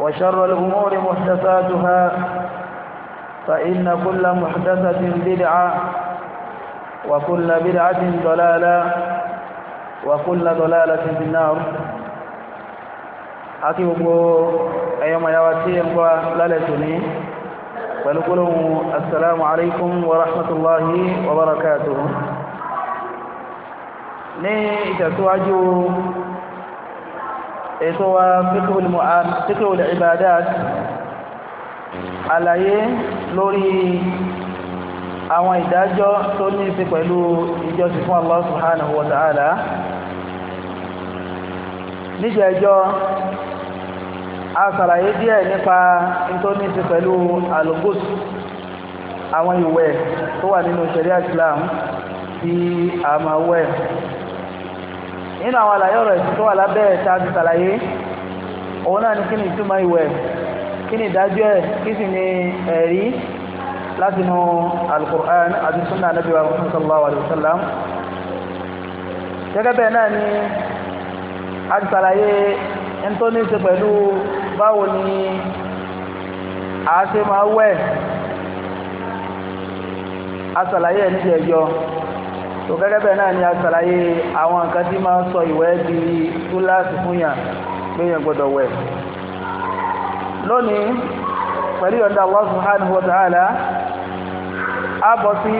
وشر الأمور محدثاتها فإن كل محدثة بدعة وكل بدعة ضلالة وكل ضلالة في النار أكيبوا أيما يواتي أنقوا لالتني فنقولوا السلام عليكم ورحمة الله وبركاته ní ìtẹ̀síwájú ètò wa fíkòlù ibadat àlàyé lórí àwọn ìdájọ́ tó ní sí pẹ̀lú ìjọsìn fún Allah subhanahu wa ta'ala níjẹ̀ẹ́jọ́ a sàlàyé díẹ̀ nípa tó ní sí pẹ̀lú alugus àwọn ìwẹ̀ tó wà nínú sharia Islam tí a nínú àwọn àlàyé ọ̀rọ̀ ẹ̀sìn tó wà lábẹ́ ẹ̀ta ti sàlàyé òun náà ni kí ni ìtumọ̀ ìwẹ̀ kí ni ìdájọ́ ẹ̀ kí sì ni ẹ̀rí láti nu alukur'an àti sunna anabi wa muhammad sallallahu alayhi wa sallam gẹ́gẹ́ a ti sàlàyé ń tó ní í ṣe pẹ̀lú báwo ni a ṣe máa tó gẹ́gẹ́ bẹ́ẹ̀ náà ni a ṣàlàyé àwọn nǹkan tí máa ń sọ ìwẹ̀ di túláàsì fún yàn pé yàn gbọ́dọ̀ wẹ̀ lónìí pẹ̀lú yọ̀ǹda Allah subhanahu a bọ̀ sí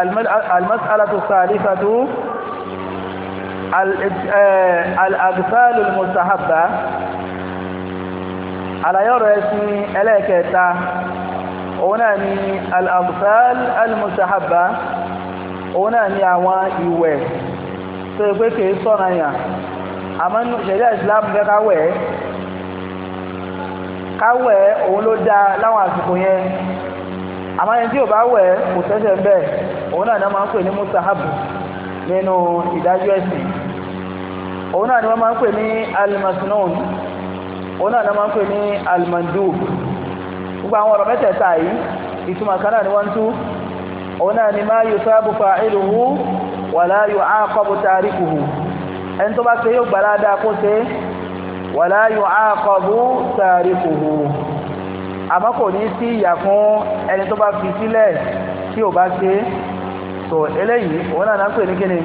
al-aghsalu al aghsal òun náà ní àwọn ìwẹ̀ tó yẹ pé kìí sọ̀nà yàn àmọ́ ṣẹ̀ríà Islam fẹ́ ká wẹ̀ ẹ́ ká ẹ́ òun ló dáa láwọn àsìkò yẹn àmọ́ ẹni tí ò bá wẹ̀ ẹ́ kò tẹ́sẹ̀ bẹ́ẹ̀ òun náà máa ń pè ní nínú ìdájọ́ ẹ̀sìn òun náà ni wọ́n máa ń pè ní òun ni wọ́n máa ń pè ní almandu gbogbo àwọn ọ̀rọ̀ òun náà ni máa yusabu fa'iluhu wàlá yu'aqabu tarikuhu ẹni tó bá ṣe yóò gbàlá dáa kó ṣe wàlá yu'aqabu tarikuhu àmọ́ kò ní sí ìyà fún ẹni tó bá fi sílẹ̀ tí ò bá ṣe so eléyìí òun náà ń pè ní kíni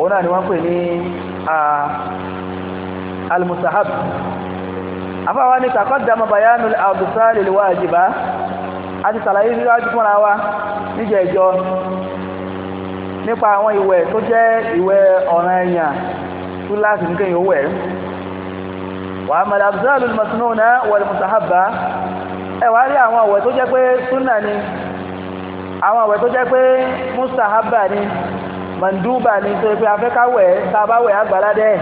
òun náà ni wọ́n pè ní almustahab afáwa ni taqaddama bayanul adusari alwajiba a ti sàlàyé síwájú fúnra wa níjẹ̀jọ́ nípa àwọn ìwẹ̀ tó jẹ́ ìwẹ̀ ọ̀ràn ẹ̀yàn tó láti ní kéèyàn wẹ̀ wà á mọ̀lá abdul masnuna wal mustahabba ẹ wá rí àwọn ìwẹ̀ tó jẹ́ pé sunna ni àwọn ìwẹ̀ tó jẹ́ pé mustahabba ni manduba ni tó yẹ pé afẹ́ ká wẹ̀ tá a bá wẹ̀ agbára dẹ́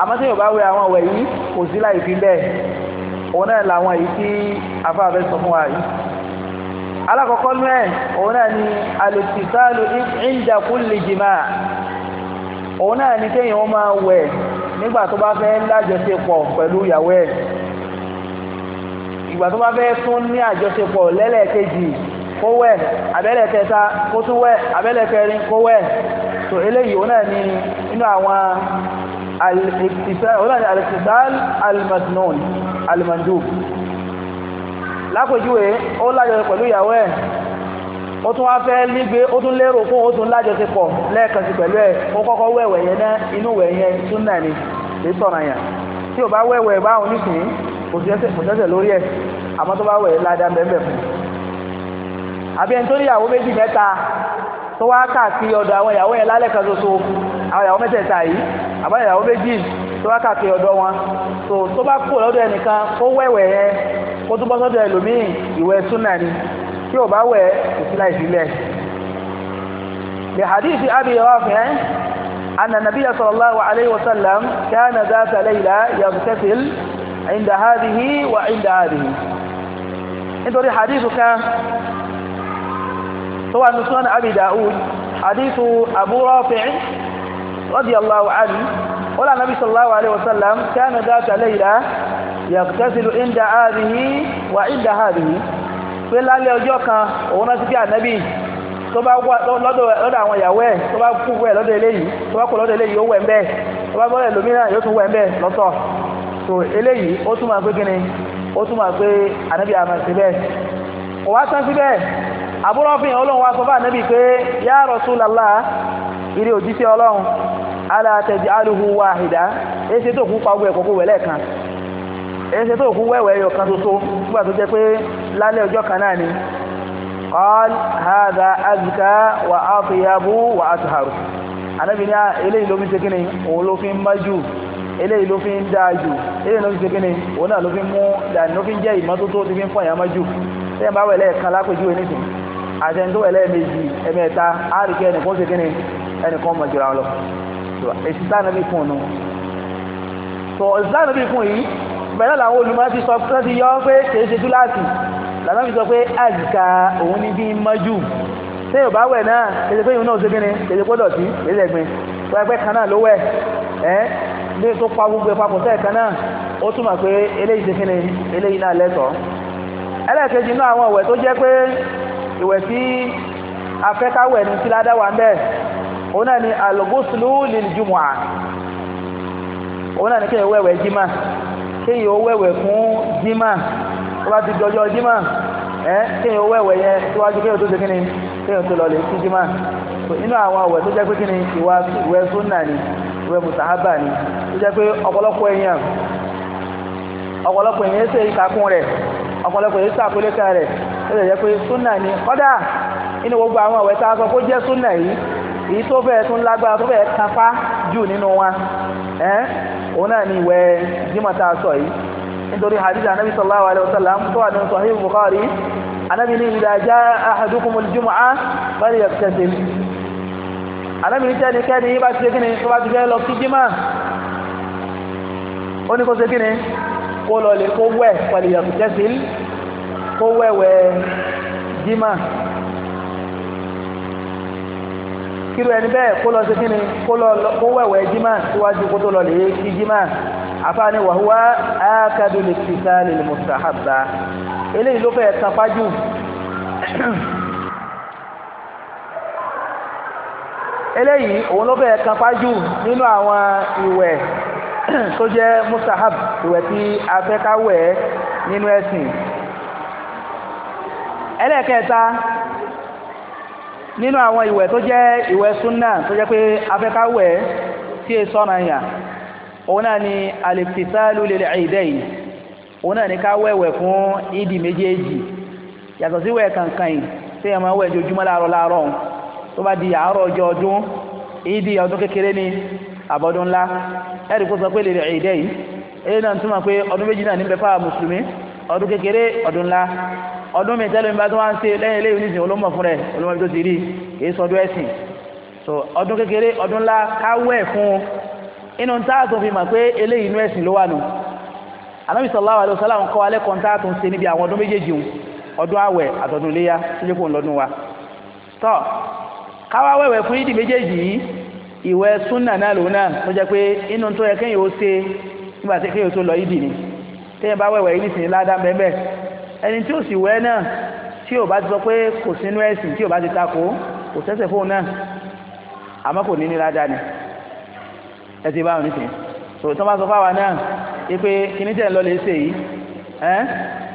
àmọ́ tí yóò bá wẹ̀ àwọn ìwẹ̀ yìí kò sí láì fi bẹ́ẹ̀ òun náà làwọn èyí tí afẹ́ afẹ́ sọ fún wa yìí alákọ̀ọ́kọ́ nú ẹ̀ òun náà ni alùpìsálù inda kulli jìmá òun náà ni kéèyàn ó máa wẹ̀ nígbà tó bá fẹ́ lájọṣepọ̀ pẹ̀lú ìyàwó ẹ̀ ìgbà tó bá fẹ́ tún ní àjọṣepọ̀ lẹ́lẹ́kejì kó wẹ̀ abẹ́lẹ̀kẹta kó tún wẹ̀ abẹ́lẹ̀kẹrin kó wẹ̀ tó eléyìí òun náà ni inú àwọn alìpìsálù alìmọ̀dúnù alìmọ̀dúnù lápèjúwe ó lájọṣe pẹ̀lú ìyàwó ẹ̀ ó tún wá fẹ́ nígbé ó tún lérò fún ó tún lájọṣepọ̀ lẹ́ẹ̀kan sí pẹ̀lú ẹ̀ ó kọ́kọ́ wẹ̀wẹ̀ yẹn náà inú wẹ̀ yẹn súnà ni kì í sọ̀rọ̀ yàn tí ò bá wẹ̀wẹ̀ báwọn nísìnyí kò sẹ́sẹ̀ lórí ẹ̀ àmọ́ tó bá wẹ̀ ládàá bẹ́ẹ̀ fún àbí ẹni tó ní ìyàwó méjì mẹ́ta tó wá káàkiri ọ̀dọ̀ àwọn ìyàwó yẹn lálẹ́ kan ṣoṣo àwọn ìyàwó mẹ́tẹ̀ẹ̀ta yìí àbáyọ̀ ìyàwó méjì tó wákàtí ọ̀dọ́ wọn tó tó bá kú lọ́dọ̀ ẹnìkan kó wẹ̀wẹ̀ yẹn kó tó bọ́ sọ́dọ̀ ẹlòmíì ìwẹ̀ súnà ni tí ò bá wẹ̀ kò sí láì sílẹ̀. بحديث أبي رافع أن النبي صلى الله عليه وسلم كان ذات ليلة يغتسل عند هذه وعند هذه nítorí hadithu kan tó wà ní sunan abi da'ud hadithu abu rafi radiyallahu wala nabi sallallahu alaihi wasallam kana dhata layla yaqtasilu inda hadhihi wa inda hadhihi pé lálẹ́ ọjọ́ kan òun náà ti bí ànábì tó bá wà lọ́dọ̀ àwọn ìyàwó ẹ̀ tó bá kú wẹ̀ lọ́dọ̀ eléyìí tó bá kú lọ́dọ̀ eléyìí yóò wẹ̀ ń bẹ́ẹ̀ tó bá bọ́lẹ̀ lómìnira yóò tún wẹ̀ ń bẹ́ẹ̀ lọ́tọ̀ tó eléyìí ó tún máa ó tún máa àmà kò wá tán àbúrò fi hàn ọlọ́run wá sọ fún pé alátẹ̀jì alùhù wàhídá èsì tó kú pawọ́ ẹ̀kọ́ kó kan èsì tó kú wẹ̀wẹ̀ ẹ̀yọ̀ kan ṣoṣo nígbà tó jẹ́ pé lálẹ́ ọjọ́ kan náà ni qal hadha wa atyabu wa atharu anábì eléyìí ló fi ṣe kíni òun ló fi ń májú eléyìí ló fi ń dáa jù eléyìí ló fi òun náà ló fi mú ló fi ń jẹ́ ìmọ́tótó fi ń bá wẹ̀lẹ́ kan lápèjúwe wẹ̀lẹ́ méjì ẹ̀mẹ́ta á rí kí èsì sáànà bí kùn nù tó sáànà bí kùn yìí bẹ̀rẹ̀ làwọn olùmọ̀ ti sọ pé ti yọ pé kìí ṣe túláàsì làwọn fi sọ pé àzìkà òun ni bí mọ́jú tí yóò bá wẹ̀ náà kìí pé ìhun náà ṣe gíní kìí pé dọ̀tí kìí lẹ́gbin pẹ́pẹ́ kan náà ló wẹ̀ ẹ́ bí tó pa gbogbo ìpapọ̀ sẹ́ẹ̀ kan náà ó túmọ̀ pé eléyìí ṣe gíní eléyìí náà lẹ́tọ̀ọ́ ẹlẹ́ẹ̀kejì náà àwọn ìwẹ̀ tó jẹ́ pé ìwẹ̀ tí afẹ́káwẹ̀ ni tí ládá wà ń bẹ́ẹ̀ O náà ni alghuslu lil jumu'ah náà ni kéèyàn wẹ̀wẹ̀ jimá kéèyàn wẹ̀wẹ̀ fún jimá tó bá ti dọjọ́ jimá ẹ kéèyàn wẹ̀wẹ̀ yẹn síwájú kéèyàn tó ṣe kíni kéèyàn tó lọ sí jimá inú àwọn àwẹ̀ tó pé kíni ìwà ni ni tó jẹ́ pé ọ̀pọ̀lọpọ̀ ṣe gbogbo àwọn tá a sọ kó èyí tó fẹ́ tún lágbára tó fẹ́ kápá jù nínú wa ẹ́n òun náà ni ìwẹ̀ jímọ̀ tá a sọ yìí nítorí hadith anabi sallallahu alayhi wa sallam tó wà nínú sahih bukhari anabi ní idha jaa ahadukumul jumu'ah falyaghtasil anabi ní tẹ́nikẹ́ni bá ti ṣe kíni tó bá ti fẹ́ lọ sí jímọ̀ ó ní kó ṣe kíni kó lọ lè kó wẹ̀ falyaghtasil kó wẹ̀wẹ̀ jímọ̀ kíru ẹni bẹ́ẹ̀ kó lọ sí kíni kó wẹ̀wẹ̀ jimá síwájú kó tó lọ lè kí jimá àfáàní wàhúwá ákàdù lè fi sáàlì lè mùsàhábà eléyìí ló fẹ́ẹ̀ tapá jù eléyìí òun ló fẹ́ẹ̀ tapá jù nínú àwọn ìwẹ̀ tó jẹ́ mùsàháb ìwẹ̀ tí a fẹ́ ká wẹ̀ nínú ẹ̀sìn ẹlẹ́ẹ̀kẹta nínú àwọn ìwẹ̀ tó jẹ́ ìwẹ̀ súnà tó jẹ́ pé afẹ́káwẹ̀ tí è sọ́nà yà òun náà ni alìfisálù lè ẹ̀dẹ́ yìí òun náà ni ká wẹ̀wẹ̀ fún ìdí méjèèjì yàtọ̀ sí wẹ̀ kankan yìí tí èèyàn máa wẹ̀ jojúmọ́ láàárọ̀ láàárọ̀ tó bá di àárọ̀ ọjọ́ ọdún ìdí ọdún kékeré ni àbọ̀dún ńlá ẹ̀rì kó sọ pé lè ẹ̀dẹ́ ọdún ńlá ọdún mi tẹ́lẹ̀ mi bá tó wá ń ṣe lẹ́yìn eléyìí oníṣìí olómọ fún rẹ̀ olómọ tó ti rí kìí sọdún ẹ̀sìn so ọdún kékeré ọdún ńlá káwẹ́ fún un inú táàtò fi mà pé eléyìí inú ẹ̀sìn ló wà nù Ànábì sallallahu alaihi wasallam kọ́ alẹ́ kan táàtò ń ṣe níbi àwọn ọdún méjèèjì òun ọdún àwẹ̀ àtọ̀dún iléyà tó jẹ́ kó ń lọ́dún wa tọ́ káwá wẹ̀wẹ̀ fún ìdí méjèèjì yìí ìwẹ̀ súnà náà lòun náà tó jẹ́ pé inú tó yẹ kéèyàn ó ṣe nígbà tí kéèyàn tó lọ ìdí ni téèyàn bá wẹ̀wẹ̀ yìí nísìnyí ládàá bẹ́ẹ̀ ẹni tí ó sì wẹ̀ náà tí ò bá ti sọ pé kò sínú ẹ̀sìn tí ò bá ti takò kò sẹ́sẹ̀ fóun náà àmọ́ kò ní ní ládàá ni ẹ ti bá wọn nísìnyí so tí wọ́n bá sọ fáwa náà yí pé kíní tẹ̀ ń lọ lè ṣe yìí ẹ́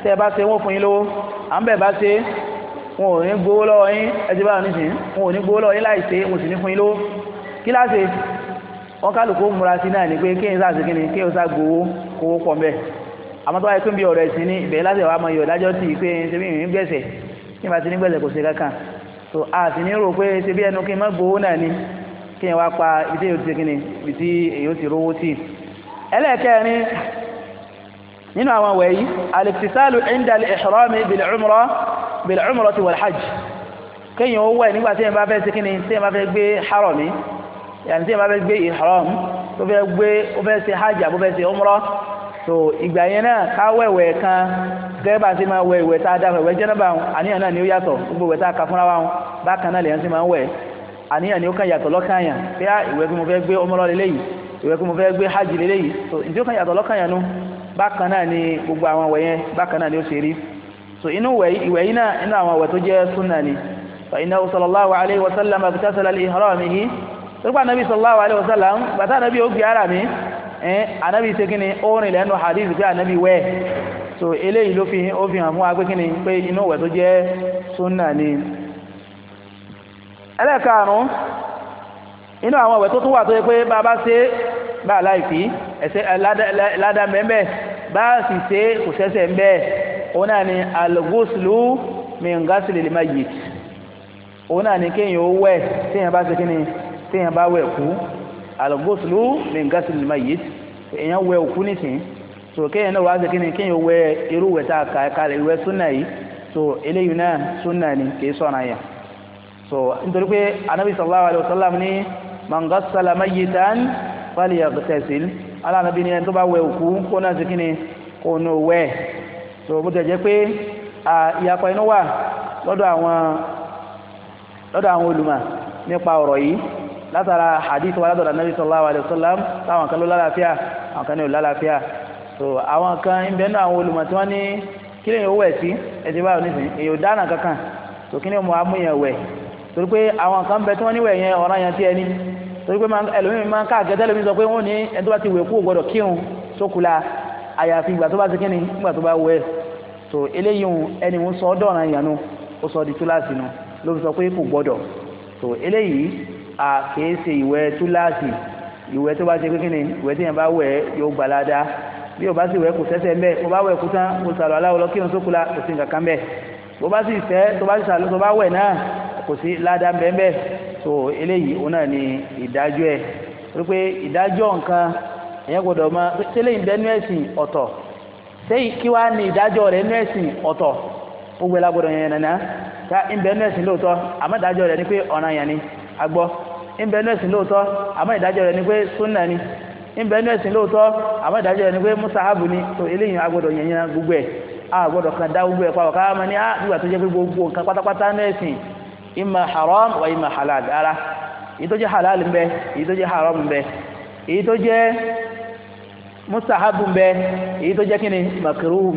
tẹ́ ẹ bá ṣe wọ́n fún yín lówó à ń bẹ̀ bá ṣe wọn ò ní gbowó lọ́wọ́ yín ẹ ti bá wọn nísìnyí wọn ò ní gbowó lọ́wọ́ yín láì ṣe wọn sì ní fún yín lówó kí láṣe wọn kálukú múra sí náà ni pé kéèyàn sáà ṣe kíni kéèyàn sáà gbowó kówó pọ̀ mbẹ́ẹ̀ àmọ́ tó wáyé pé bí ọ̀rọ̀ ẹ̀sìn ní ìbẹ̀rẹ̀ láti ọ̀wá mọ iyọ̀ dájọ́ sí pé ṣe bí ìrìn gbẹ̀sẹ̀ kí n bá ti ní gbẹ̀sẹ̀ kò sí kankan tó a sì ní rò pé ṣe bí ẹnu kí n má gbowó náà ni kí n wá pa ibi tí èyí ti kíni ibi tí èyí ti rówó tì. ẹlẹ́ẹ̀kẹrin nínú àwọn ọ̀wẹ̀ yìí al-iktisalu 'inda al-ihrami bil hajj kéèyàn ó wẹ̀ nígbà tí èèyàn bá fẹ́ ṣe kíni tí èèyàn bá fẹ́ gbé harami yàtí èèyàn bá fẹ́ gbé ihram tó fẹ́ gbé ó fẹ́ ṣe hajj àbó fẹ́ ṣe umra so ìgbà yẹn náà ká wẹ̀wẹ̀ kan gẹ́gẹ́ bá a ṣe máa wẹ ìwẹ̀ tá a dá wẹ̀wẹ̀ jẹ́nàbà wọn àníyàn náà ni ó yàtọ̀ gbogbo ìwẹ̀ tá a kà fúnra wa wọn bákan náà lèyàn ti máa ń wẹ̀ àníyàn ni ó kàn yàtọ̀ lọ́kàn yàn pé ìwẹ̀ kí mo fẹ́ gbé ọmọlọ́ lélẹ́yìí ìwẹ̀ kí mo fẹ́ gbé hajj lélẹ́yìí so ìdí ó kàn yàtọ̀ lọ́kàn yàn nu bákan náà ni gbogbo àwọn ìwẹ̀ yẹn bákan náà ni ó ṣe rí so inú ìwẹ̀ yìí náà inú àwọn ìwẹ̀ tó jẹ́ súnà ni fàyínà sallallahu alayhi wa sallam abitasala ihramihi tó gbà nàbí sallallahu alayhi wa sallam bàtà nàbí ó gbé ara mi anabi ṣe kí ni ó rìn lẹ́nu hadith pé anabi wẹ̀ so eléyìí ló fi ó fi hàn fún wa pé kí ni pé inú ìwẹ̀ tó jẹ́ sunna ni ẹlẹ́ẹ̀karùn-ún inú àwọn ìwẹ̀ tó tún wà tó yẹ pé bá a bá ṣe bá a láì fi ẹ̀sẹ̀ ládà bá sì ṣe kò ṣẹ́ṣẹ̀ ń bẹ́ẹ̀ òun náà ni al-ghuslu min ghaslil mayyit òun náà ni kéèyàn ó wẹ̀ téèyàn bá ṣe kí ni téèyàn bá wẹ̀ kú alugoslu min gasil mayit èèyàn wẹ òkú nísìn so kéèyàn náà wàá sèkéyìn kéèyàn wẹ irú wẹ tá a kà kalẹ̀ ìwẹ̀ súnà yìí so eléyìí náà súnà ni kì í yà so nítorí pé anabi sallallahu alayhi wa sallam ní man gasala mayitan falyaghtasil aláàbí ni ẹni tó bá wẹ òkú kó náà sèkéyìn kó nù wẹ so bó tẹ̀ jẹ́ pé ìyàpọ̀ inú wà lọ́dọ̀ àwọn lọ́dọ̀ àwọn olùmọ̀ nípa ọ̀rọ̀ yìí látara hadith wa látọ̀dọ̀ nabi sallallahu alayhi wa sallam táwọn kan ló lálàáfíà àwọn kan ní ò so àwọn kan ń bẹ́ẹ̀ náà àwọn olùmọ̀ tí wọ́n ní kí lè owó ẹ̀ sí ẹ̀jẹ̀ báyọ̀ nísìnyí èyí ò dáná kankan so kí ni mo amúyẹ̀ wẹ̀ torí pé àwọn kan bẹ tí wọ́n níwẹ̀ yẹn ọ̀ràn yẹn tí ẹni torí pé ẹlòmíì máa ń káàkiri tẹ́lẹ̀ mi sọ pé wọ́n ní ẹni tó bá ti wẹ̀ kú gbọ́dọ̀ kírun sókùlà àyàfi ìgbà tó bá ti kíni ìgbà tó bá wẹ̀ so eléyìí ẹni ń sọ ọ́ dọ̀ràn yẹn ó sọ di túláàsì nu ló fi sọ pé kò gbọ́dọ̀ so eléyìí à kìí ṣe ìwẹ̀ túláàsì ìwẹ̀ tó bá ṣe pé ni ìwẹ̀ tí yẹn bá wẹ̀ yóò gbà ládàá bí o bá sì wẹ̀ kù sẹ́sẹ̀ ń bẹ̀ o bá wẹ̀ kú tán o sàlọ̀ aláwọ̀ lọ kí n sókula kò sí nǹkan kan bẹ̀ bó bá sì fẹ́ tó bá sì sàlọ̀ tó bá wẹ̀ náà kò sí ládàá ń bẹ̀ ń bẹ̀ so eléyìí òun náà ni ìdájọ́ ẹ̀ rí pé ìdájọ́ nǹkan èyàn gbọ́dọ̀ mọ̀ tẹ́lẹ̀ ìbẹ́ nú ẹ̀sìn ọ̀tọ̀ sẹ́yìn kí wàá ní ìdájọ́ rẹ̀ nú ẹ̀sìn ọ̀tọ̀ gbogbo ẹ̀ lágbọ́dọ̀ yẹn nàná ká ìbẹ́ nú ẹ̀sìn lóòótọ́ àmọ́ ìdájọ́ rẹ̀ ni pé ọ̀ràn yẹn ni agbọ́ ńbẹ inú ẹ̀sìn lóòótọ́ àmọ́ ìdájọ́ rẹ̀ ni pé súnà ni ńbẹ inú ẹ̀sìn lóòótọ́ àmọ́ ìdájọ́ rẹ̀ ni pé ni tó eléyìí agbọ́dọ̀ yẹnyẹn gbogbo ẹ̀ kan dá gbogbo ẹ̀ pa ọ̀ká ah, tó jẹ́ pé gbogbo nǹkan pátápátá ẹ̀sìn ima haram ima halal ara èyí tó jẹ́ halal ńbẹ èyí tó jẹ́ haram ńbẹ èyí tó jẹ́ musahabu ńbẹ èyí tó jẹ́ kíni makiruhu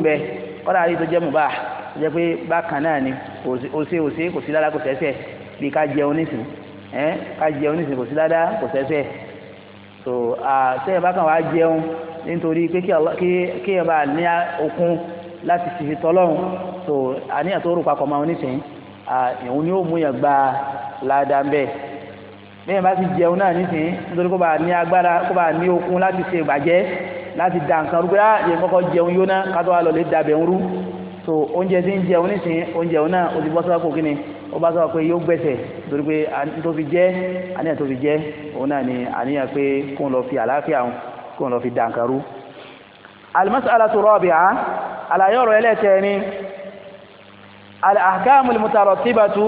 tó ẹ ká jẹun ní ìsìnkú sí ládàá kò sẹ́sẹ̀ so sẹ́yìn bá kàn wá jẹun nítorí pé kí ẹ bá ní okun láti fi tọ́lọ́run so àníyàn tó rò papọ̀ máa oníṣẹ́yìn ìhun ni ó mú yàn gba ládàá bẹ́ẹ̀ bẹ́ẹ̀ bá ti jẹun náà nísìnyí nítorí kó bá ní agbára kó bá ní okun láti se ìbàjẹ́ láti da nǹkan rú pé á ah, yẹ kọ́kọ́ jẹun yóná kátó wà lọ lè dabẹ̀ ń rú so oúnjẹ tí ń jẹun nísìnyí oúnjẹ náà ó ti bọ́ sọ́kò kí ni ó bá sọ pé yóò gbẹ̀sẹ̀ torí pé tó fi jẹ́ àníyàn tó fi jẹ́ òun náà ni àníyàn pé kó ń lọ fi àlàáfíà òun kó ń lọ fi dàǹkarú. al-mas'alatu rabi'a àlàyé ọ̀rọ̀ ẹlẹ́tẹ̀ ni al-ahkamu al-mutarattibatu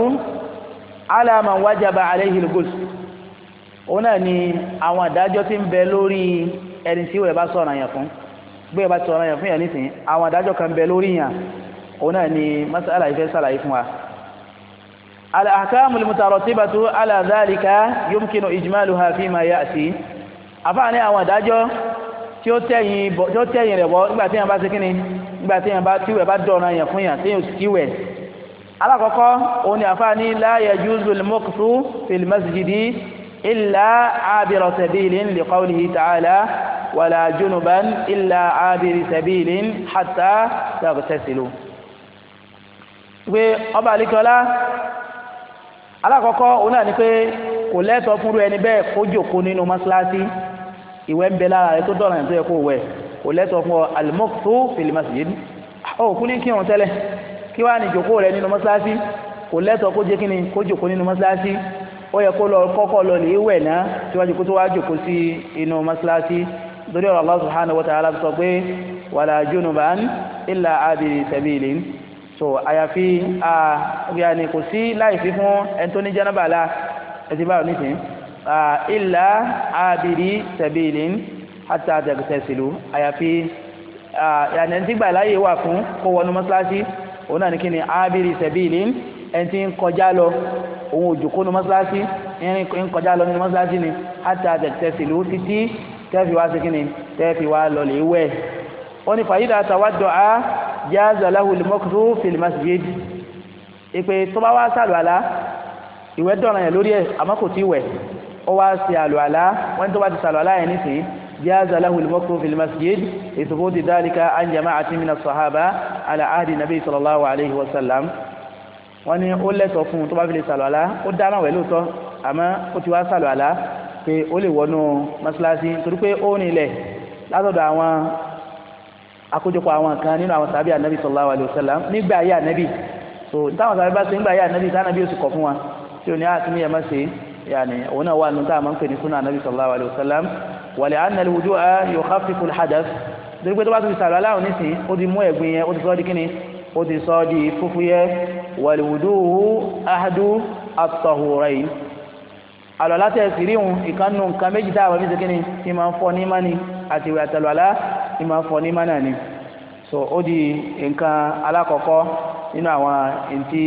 wajaba alayhi al òun náà ni àwọn àdájọ́ tí ń bẹ lórí ẹni tí wọ́n bá sọ̀rọ̀ yẹn fún gbé bá sọ̀rọ̀ yẹn fún yẹn nísìnyí àwọn àdájọ́ kan bẹ lórí yẹn òun náà ni mas'ala ìfẹ́ sàlàyé fún wa. الأحكام المترتبة على ذلك يمكن إجمالها فيما يأتي أفعني أو داجو tí ó tẹ̀yìn bọ̀ tí ó tẹ̀yìn rẹ̀ bọ̀ nígbà tí yẹn bá ṣe kíni nígbà tí yẹn bá tíwẹ̀ bá dọ̀ọ̀nà yẹn fún yẹn tí yẹn tíwẹ̀. alákọ̀ọ́kọ́ òun ni àfáàní la yajuzul maqtu fil masjidi illa abira sabilin li qawlihi ta'ala wala junuban illa abiri sabilin hatta taghtasilu. pé ọba àlekọ́lá alákọ̀ọ́kọ́ òun náà ni pé kò lẹ́tọ̀ọ́ fúnrú ẹni bẹ́ẹ̀ kó jòkó nínú mọ́ṣáláṣí ìwẹ̀ ń bẹ lára rẹ tó dọ̀nà ẹ̀ tó yẹ kó wẹ̀ kò lẹ́tọ̀ọ́ fún ọ alimọ́kùtù fil masjid ó kú ní kírun tẹ́lẹ̀ kí wàá ní jòkó rẹ nínú mọ́ṣáláṣí kò lẹ́tọ̀ọ́ kó jẹ́ kí kó jòkó nínú mọ́ṣáláṣí ó yẹ kó lọ kọ́kọ́ lọ lè wẹ̀ náà síwájú kó tó wá jòkó sí inú mọ́ṣáláṣí torí ọ̀rọ̀ Allah subhanahu wa ta'ala sọ pé wala junuban illa abiri sabilin so àyàfi yàní kò sí láìsí fún ẹni tó ní jánábà la ẹtì báwo nísìnyí ilà abiri sabilin hatta tagtasilu àyàfi yàní ẹni tí gbà láàyè wà fún kó wọnú mọ́ṣáláṣí òun náà ní kíni abiri sabilin ẹni tí ń kọjá lọ òun ò jòkó nu mọ́ṣáláṣí ń kọjá lọ nínú mọ́ṣáláṣí ni hatta tagtasilu títí tẹ́ẹ̀fì wá sí kíni tẹ́ẹ̀fì wá lọ lè wẹ̀ jaza lahu al-makru fil masjid ìpè tó bá wá sàlùwàlá ìwẹ̀ dọ̀ràn yẹn lórí ẹ̀ àmọ́ kò tí wẹ̀ ó wá sí àlùwàlá wọ́n tó bá ti sàlùwàlá yẹn nísìnyí جاز له المكر في المسجد لثبوت ذلك عن جماعة من الصحابة على عهد النبي صلى الله عليه وسلم wọ́n ní ó lẹ́tọ̀ọ́ fún un tó bá fi lè sàlọ̀ àlá ó dáná wẹ̀ lóòótọ́ àmọ́ ó ti wá sàlọ̀ àlá pé ó lè wọnú mọ́ṣáláṣí torí pé ó rìn látọ̀dọ̀ àwọn àkójọpọ̀ àwọn kan nínú àwọn sàbí ànábì sallallahu alaihi wasallam nígbà ayé ànábì so táwọn sàbí bá ṣe nígbà ayé ànábì sànábì ó sì kọ̀ fún wa tí ò ní àti ah, níyàmá ṣe yàní òun náà wà nù tá máa ń pè ní súnà ànábì sallallahu alaihi wasallam wàlẹ̀ anna al-wudu'a yukhaffifu al-hadath torí pé tó bá tún sàrọ̀ aláwọ̀ nísìn ó ti mú ẹ̀gbin yẹn ó ti sọ di kíni ó ti sọ di fúfú yẹ wal-wudu'u ahadu at-tahurayn alọ́lá tẹ̀ sí ríhun ìkànnù nǹkan méjì tá a máa fi kíni tí máa ń fọ ní mání àti ìwé àtàlọ́lá ní máa fọ ní mánà ni so ó di nǹkan alákọ̀ọ́kọ́ nínú àwọn ntí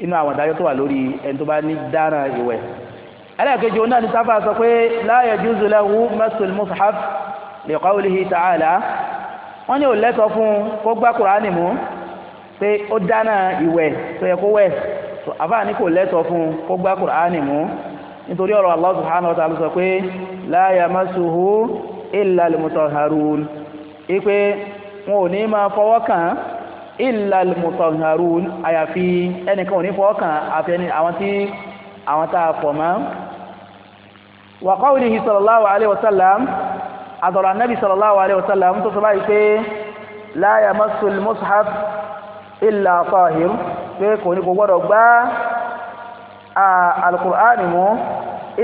nínú àwọn ìdájọ́ tó wà lórí ẹni tó bá ní dára ìwẹ̀ ẹlẹ́ẹ̀kejì òun náà ni sáfà sọ pé la yajuzu lahu masul mushaf li qawlihi ta'ala wọ́n ní ò lẹ́tọ̀ fún kó gbá kùránì mú pé ó dáná ìwẹ̀ tó yẹ kó wẹ̀ so àfáà ní kò lẹ́tọ̀ fún kó gbá kùránì mú nítorí ọ̀rọ̀ Allah subhanahu wa ta'ala sọ pé la yamasuhu illa al ipe wọn ò ní máa fọwọ́ kàn án illal mutahharun àyàfi ẹnìkan ò ní fọwọ́ kàn àfi ẹni àwọn tí àwọn tá a fọ̀ mọ́. wa qawlihi sallallahu alayhi wa sallam àtọ̀rọ̀ anábì sallallahu alayhi wa sallam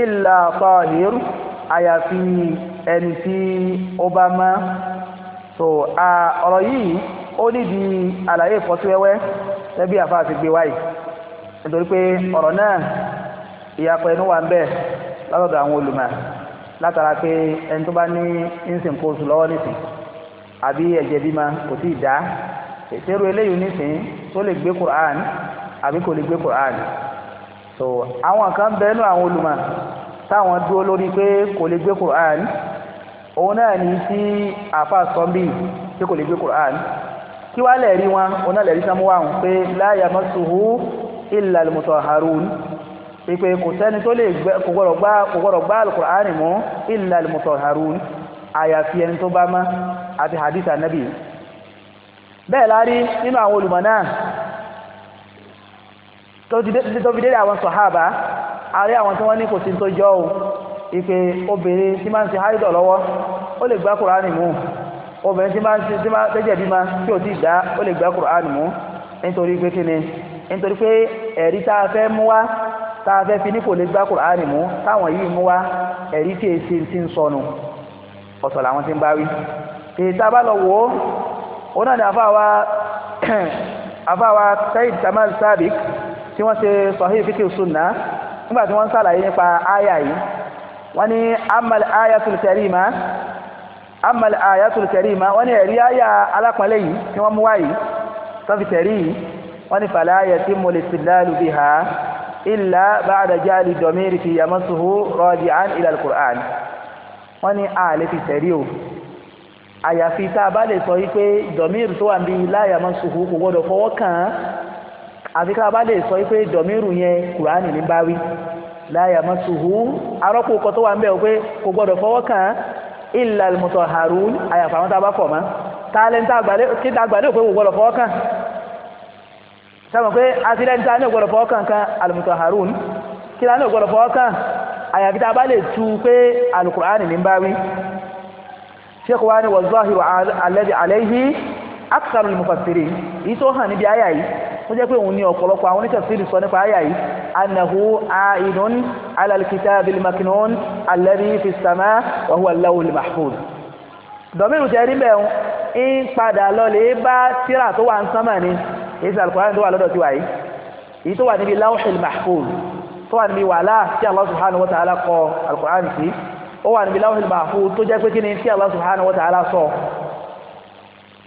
illa tahir àyàfi ẹni tí ó bá mọ́ so ọ̀rọ̀ yìí ó níbi àlàyé ìfọ́síwẹ́wẹ́ lẹ́bí àfa àti gbé wáyé nítorí pé ọ̀rọ̀ náà ìyapọ̀ ẹnu wà ń bẹ látọ̀dọ̀ àwọn olùmọ̀ látara pé ẹni tó bá ní ìsìn kó oṣù lọ́wọ́ nìsín àbí ẹ̀jẹ̀ bímọ kò tí ì dá ìṣerú eléyìí nìsín tó lè gbé Qur'an àbí kò lè gbé Qur'an so àwọn kan bẹ́ẹ̀ nú àwọn olùmọ̀ táwọn dúró lórí pé kò lè gbé Qur'an òun náà ní tí àfa sọ́mbì tí kò lè gbé Qur'an kí wá lè rí wọn òun náà lè rí sánmú wàhùn pé la yamassuhu illa al-mutahharun pípé kò sẹ́ni tó lè kò gbọ́dọ̀ gbá al-Qur'an mú illa al-mutahharun àyàfi ẹni tó bá má àti hadith anabi bẹ́ẹ̀ lárí nínú àwọn olùmọ̀ náà tó fi dé àwọn sàhábà àárẹ̀ àwọn tí wọ́n ní kò sí tó jọ́ o ipe obìnrin tí máa ń ṣe háìdọ̀ lọ́wọ́ ó lè gbá kùránì mú obìnrin tí máa ń ṣe tẹ́jẹ̀ bí ma tí ò ti dá ó lè gbá kùránì mú nítorí pé kí ni nítorí pé ẹ̀rí tá a fẹ́ mú wá tá a fẹ́ fi ní kò lè gbá kùránì mú táwọn yìí mú wá ẹ̀rí tí èsì ti ń sọnù ọ̀sọ̀ làwọn ti ń bá wí èyí tá a bá lọ wò ó ó náà ní àfáàwá àfáàwá Said Kamal Sabiq tí wọ́n ṣe sahih fíkì sunna nígbà tí wọ́n ń sàlàyé nípa áyà yìí wọ́n ní amal ayatul karima amal ayatul karima wọ́n ní ẹ̀rí aya alápọ̀nlé yìí tí wọ́n mú wáyìí tọ́fi tẹ̀rí yìí wọ́n ní fala yatimmu listidlalu biha illa ba'da jali domiri fi yamassuhu raji'an ila al-Qur'an wọ́n ní a lè fi tẹ̀rí o àyàfi tá a bá lè sọ yìí pé domiri tó wà bí la yamassuhu kò gbọ́dọ̀ fọwọ́ kàn án àfi bá lè sọ yìí pé domiri yẹn Qur'an ní báwí láyà mọ́tòhù arọ́pò kọ́ tó wà ń bẹ̀ wípé kò gbọ́dọ̀ fọwọ́ kàn án ilà mutahharun àyàfà àwọn tá a bá fọ̀ mọ́ tálẹ́ntà àgbàdo òpé kò gbọ́dọ̀ fọwọ́ kàn sábà pé atilẹ́ntà ní ògbọ́dọ̀ fọwọ́ kàn kan al-mutahharun kí lá tó jẹ́ pé òun ní ọ̀pọ̀lọpọ̀ àwọn onítẹ̀síìrì sọ nípa àyà yìí anahu aidun alalkita bilmakinon alẹ́rí fisama wàhùn aláwòl mahfud dọ̀míru jẹ́ níbẹ̀ ń padà lọ́lẹ̀ bá tíra tó wà ń sánmà ni èyí sí alukóran tó wà lọ́dọ̀ tiwa yìí èyí tó wà níbi láwùhìl mahfud tó wà níbi wàhálà tí Allah subhanahu wa ta'ala kọ alukóran sí ó wà níbi láwùhìl mahfud tó jẹ́ pé kí ni tí Allah subhanahu wa ta'ala sọ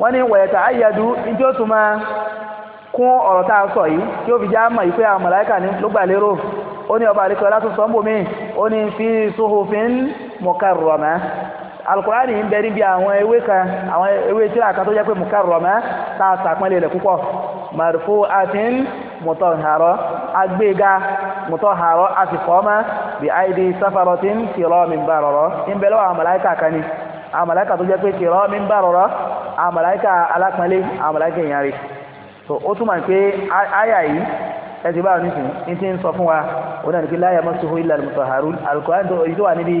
wọ́n ní wẹ̀yẹ̀tà ayẹ̀dú níjó tó máa kún ọ̀rọ̀ tá a sọ yìí tí ó fi já mọ̀ ìpé àwọn màláíkà ní ló gbà lérò ó ní ọba àríkọ́ látún sọ ń bò míì ó ní fi suhufin mukarrama alukurani ń bẹ níbi àwọn ewé kan àwọn ewé tíra kan tó jẹ́ pé mukarrama tá a sàpọ́nlé rẹ̀ púpọ̀ marfu'atin mutahhara agbéga mutahhara àti fọ́ọ́mà bí aidi safaratin kiramin barara ń bẹ lọ́wọ́ àwọn màláíkà kan ni àwọn màláìkà tó jẹ́ pé kiramin barara àwọn màláìkà alápẹ́lẹ́ àwọn màláìkà èèyàn rẹ̀ so ó túmọ̀ pé àyà yìí ẹ̀sìn báwọn nísìn ní ti ń sọ fún wa ó náà ní pé la yamassuhu illa al-mutahharun al-Qur'an tó èyí tó wà níbi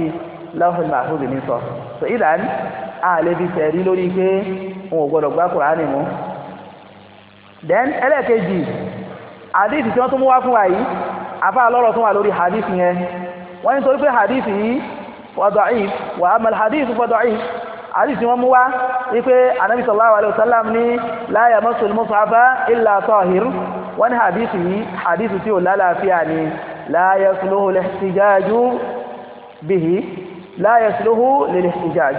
lawhul mahfuz ní sọ so ìdán àlè fi tẹ̀rí lórí pé wọn ò gbọdọ̀ gbá Kùránì mú then ẹlẹ́ẹ̀kejì hadith tí wọ́n tún mú wá fún wa yìí àfa lọ́rọ̀ tún wà lórí hadith yẹn wọ́n ní torí pé hadith yìí وضعيف وأما الحديث فضعيف حديث وموا إيه النبي صلى الله عليه وسلم لا يمس المصحف إلا طاهر وأن حديثه حديث تيو لا لا يعني لا يصلح الاحتجاج به لا يصلح للاحتجاج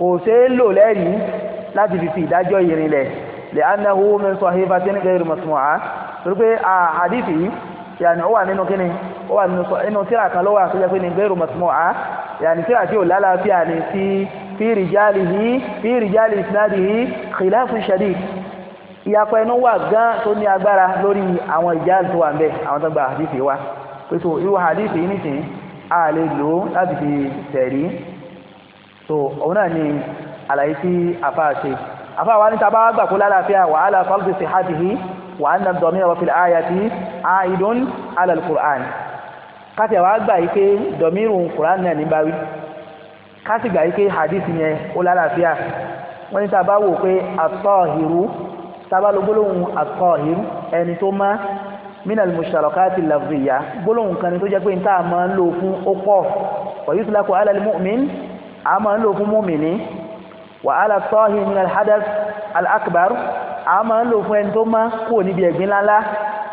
وسيلو لري لا تبي داجو يرين له لأنه من صحيفة غير مسموعة تربي حديثه yàní ó wà nínú kíni ó wà nínú tíra kan ló wà tó jẹ́ pé ní gbẹ́rù masmu'a yàní tíra tí ò lálàáfíà ní sí fi rijalihi fi rijali isnadihi khilafun shadid ìyapa ẹnu wà gan tó ní agbára lórí àwọn ìjáàlì tó wà ń bẹ so irú àdìsí yìí nìsín a lè lò ó láti fi tẹ̀rí so òun وأن الضمير في الآية عائد على القرآن kátì àwọn àgbà yìí pé dọ̀míìrù Qur'an náà ní báwí kátì gbà yìí pé hadith yẹn ó lálàáfíà wọ́n ní tàbá wò pé àtọ́hìrú tàbá lo gbólóhùn àtọ́hìrú ẹni tó má minal mushtarakati lafziya gbólóhùn kan ni tó jẹ́ pé níta máa ń lò fún ó pọ̀ wa yutlaqu ala al a máa ń lò fún ẹni tó mọ́ kò níbi ẹ̀gbin lálá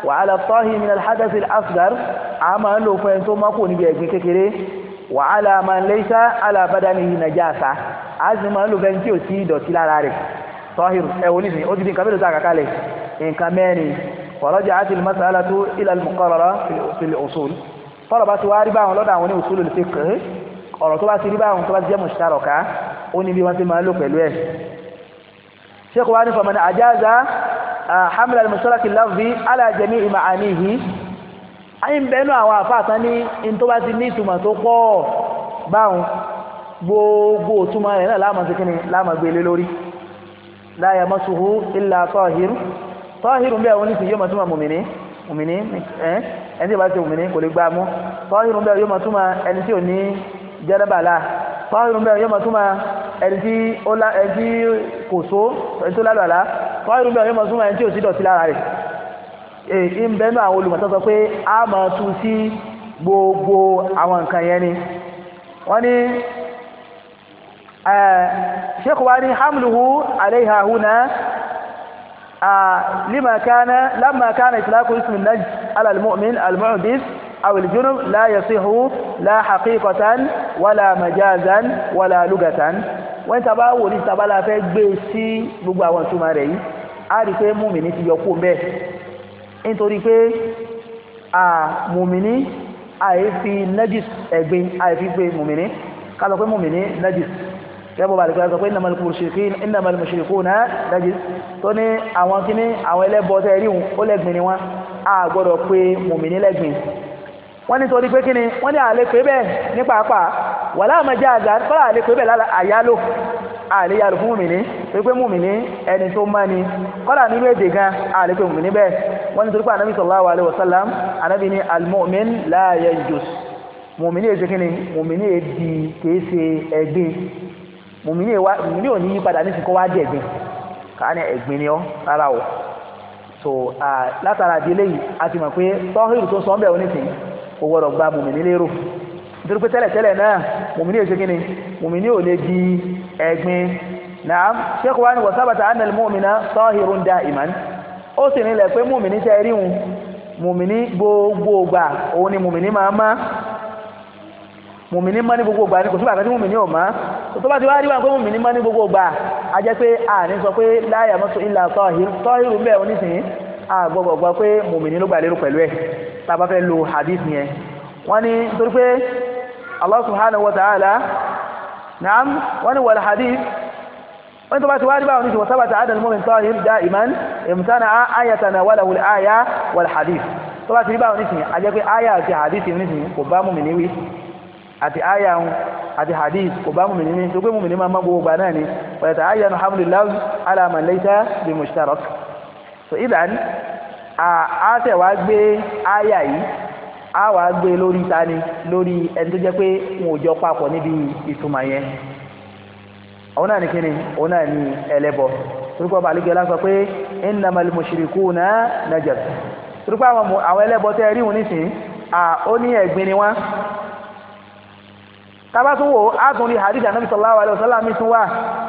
wàhálà tọ́hìn min alhadasi asgar a máa ń lò fún ẹni tó mọ́ kò níbi ẹ̀gbin kékeré wàhálà máa ń léṣà alábàdàní yìí nàjà àṣà a sì máa ń lò fẹ́ni tí ò sí ìdọ̀tí lára rẹ̀ tọ́hìn ورجعت المسألة إلى المقررة في الأصول طلبت واربعهم لدى عوني أصول الفقه ọ̀rọ̀ tó bá ti rí báwọn tó ẹ̀ sheikh wa ni faman ajaza ah, hamla al-mushtarak al-lafzi ala jami'i ma'anihi ayin benu àwọn afaata ni in tó bá ti ní ìtumọ̀ tó pọ̀ báwọn gbogbo ìtumọ̀ rẹ̀ náà láàmà sí kíni láàmà gbé lé lórí la yamasuhu illa tahir tahir bẹ́ẹ̀ wọn ní sì yóò máa túmọ̀ mùmìnì mùmìnì ẹni tí ti mùmìnì kò lè gbá mú tahir bẹ́ẹ̀ yóò máa túmọ̀ ẹni tí ò ní jẹ́rẹ́bàlá fáwọn ìrùnbẹ̀ yóò mọ̀ túnmọ̀ ẹni tí kò só ẹni tó lálọ́ àlá fáwọn ìrùnbẹ̀ yóò mọ̀ túnmọ̀ ẹni gbogbo àwọn nǹkan yẹn wọ́n ní ṣékù wá hamluhu alayha huna lima kana lamma kana itlaqu ismi najs ala أو الجنب لا يصح لا حقيقة ولا مجازا ولا لغة وانت بقى ولي تبالا فẹ́ gbé sí gbogbo àwọn ìtumọ̀ rẹ̀ yìí a rí pé mùmìnì ti yọ kó bẹ́ẹ̀ nítorí pé a mùmìnì àìfi najis ẹ̀gbin àìfi gbé mùmìnì ká sọ pé mùmìnì najis kẹ́bọ̀ bá lẹ́kọ̀ọ́ sọ pé innamal mushrikun innamal mushrikuna najis tó ní àwọn kíní àwọn ẹlẹ́bọ tẹ́ rí wọn ó lẹ́gbin ni wọn a gbọ́dọ̀ pé mùmìnì lẹ́gbin wọ́n ní torí pé kí ni wọ́n ní àlè pé bẹ́ẹ̀ ní pàápàá wà láàmọ́já àgbà kọ́lá àlè pé bẹ́ẹ̀ lára àyálò àlè yàrá fún mùmìnì pé mùmìnì ẹni tó mọ́ ni kọ́lá nínú èdè gan àlè pé mùmìnì bẹ́ẹ̀ wọ́n ní torí pé anábì sallallahu alaihi wasallam anábì ní al-mu'min la yajus mùmìnì èsì kí ni mùmìnì èdì kìí ṣe ẹ̀gbin mùmìnì ò ní yípadà ní ti kọ́ wá jẹ̀gbin kàá ní ẹ̀gbin ni ọ́ rárá o so látara délé yìí a ti mọ̀ pé tọ́hìrì tó sọ ń bẹ̀ onísìnyí kò gbọ́dọ̀ gba mùmìnì lérò nítorí pé tẹ́lẹ̀tẹ́lẹ̀ náà mùmìnì ò ṣe kí ni mùmìnì ò lè di ẹ̀gbin naam sheikh wani wasabata anna almu'mina tahirun da'iman ó sì nílẹ̀ pé mùmìnì tẹ́ rí mùmìnì gbogbo òun ni mùmìnì máa má mùmìnì má ní gbogbo gbà ni kò sígbà kan tí mùmìnì ò má tó bá ti wá rí wọn pé mùmìnì má ní gbogbo a á jẹ́ pé àní sọ pé la yamassu illa tahir tahir ń bẹ̀ wọn nísìnyí àgbọ̀gbọ̀gbọ̀ pé mùmìnì ló gbà lérò pẹ̀lú ẹ̀ tàbá fẹ́ lo hadith yẹn wọ́n ní torí pé Allah subhanahu wa ta'ala naam wọ́n ní wal hadith wọ́n tó bá ti wá rí báwọn oníṣòwò sábà tààdà lómọ́ mẹ́ta yìí dá ìmán ìmùtánà ayatana wàlàwùl àyà wàl hadith tó bá ti rí báwọn oníṣòwò a jẹ́ pé àyà àti hadith oníṣòwò kò bá mú mi níwí àti àyà àti hadith kò bá mú mi níwí tó gbé mú mi ní gbogbo gbà náà ni wàlàtà àyà nu hamdulilayi ala man so idan a tẹ̀ wá gbé àyà yìí a wá gbé lórí tani lórí ẹni tó jẹ́ pé wọn ò jọ papọ̀ níbi ìtumọ̀ yẹn òun náà ní kíni òun náà ní ẹlẹ́bọ turukọ baligẹla sọ pé innamal mushrikuna najas turukọ àwọn ẹlẹ́bọ tẹ́ rí wọn nísìnyí à ó ní ẹ̀gbin ni wọ́n tábà tún wò á tún rí hadith anabi sallallahu alayhi wa sallam tún wà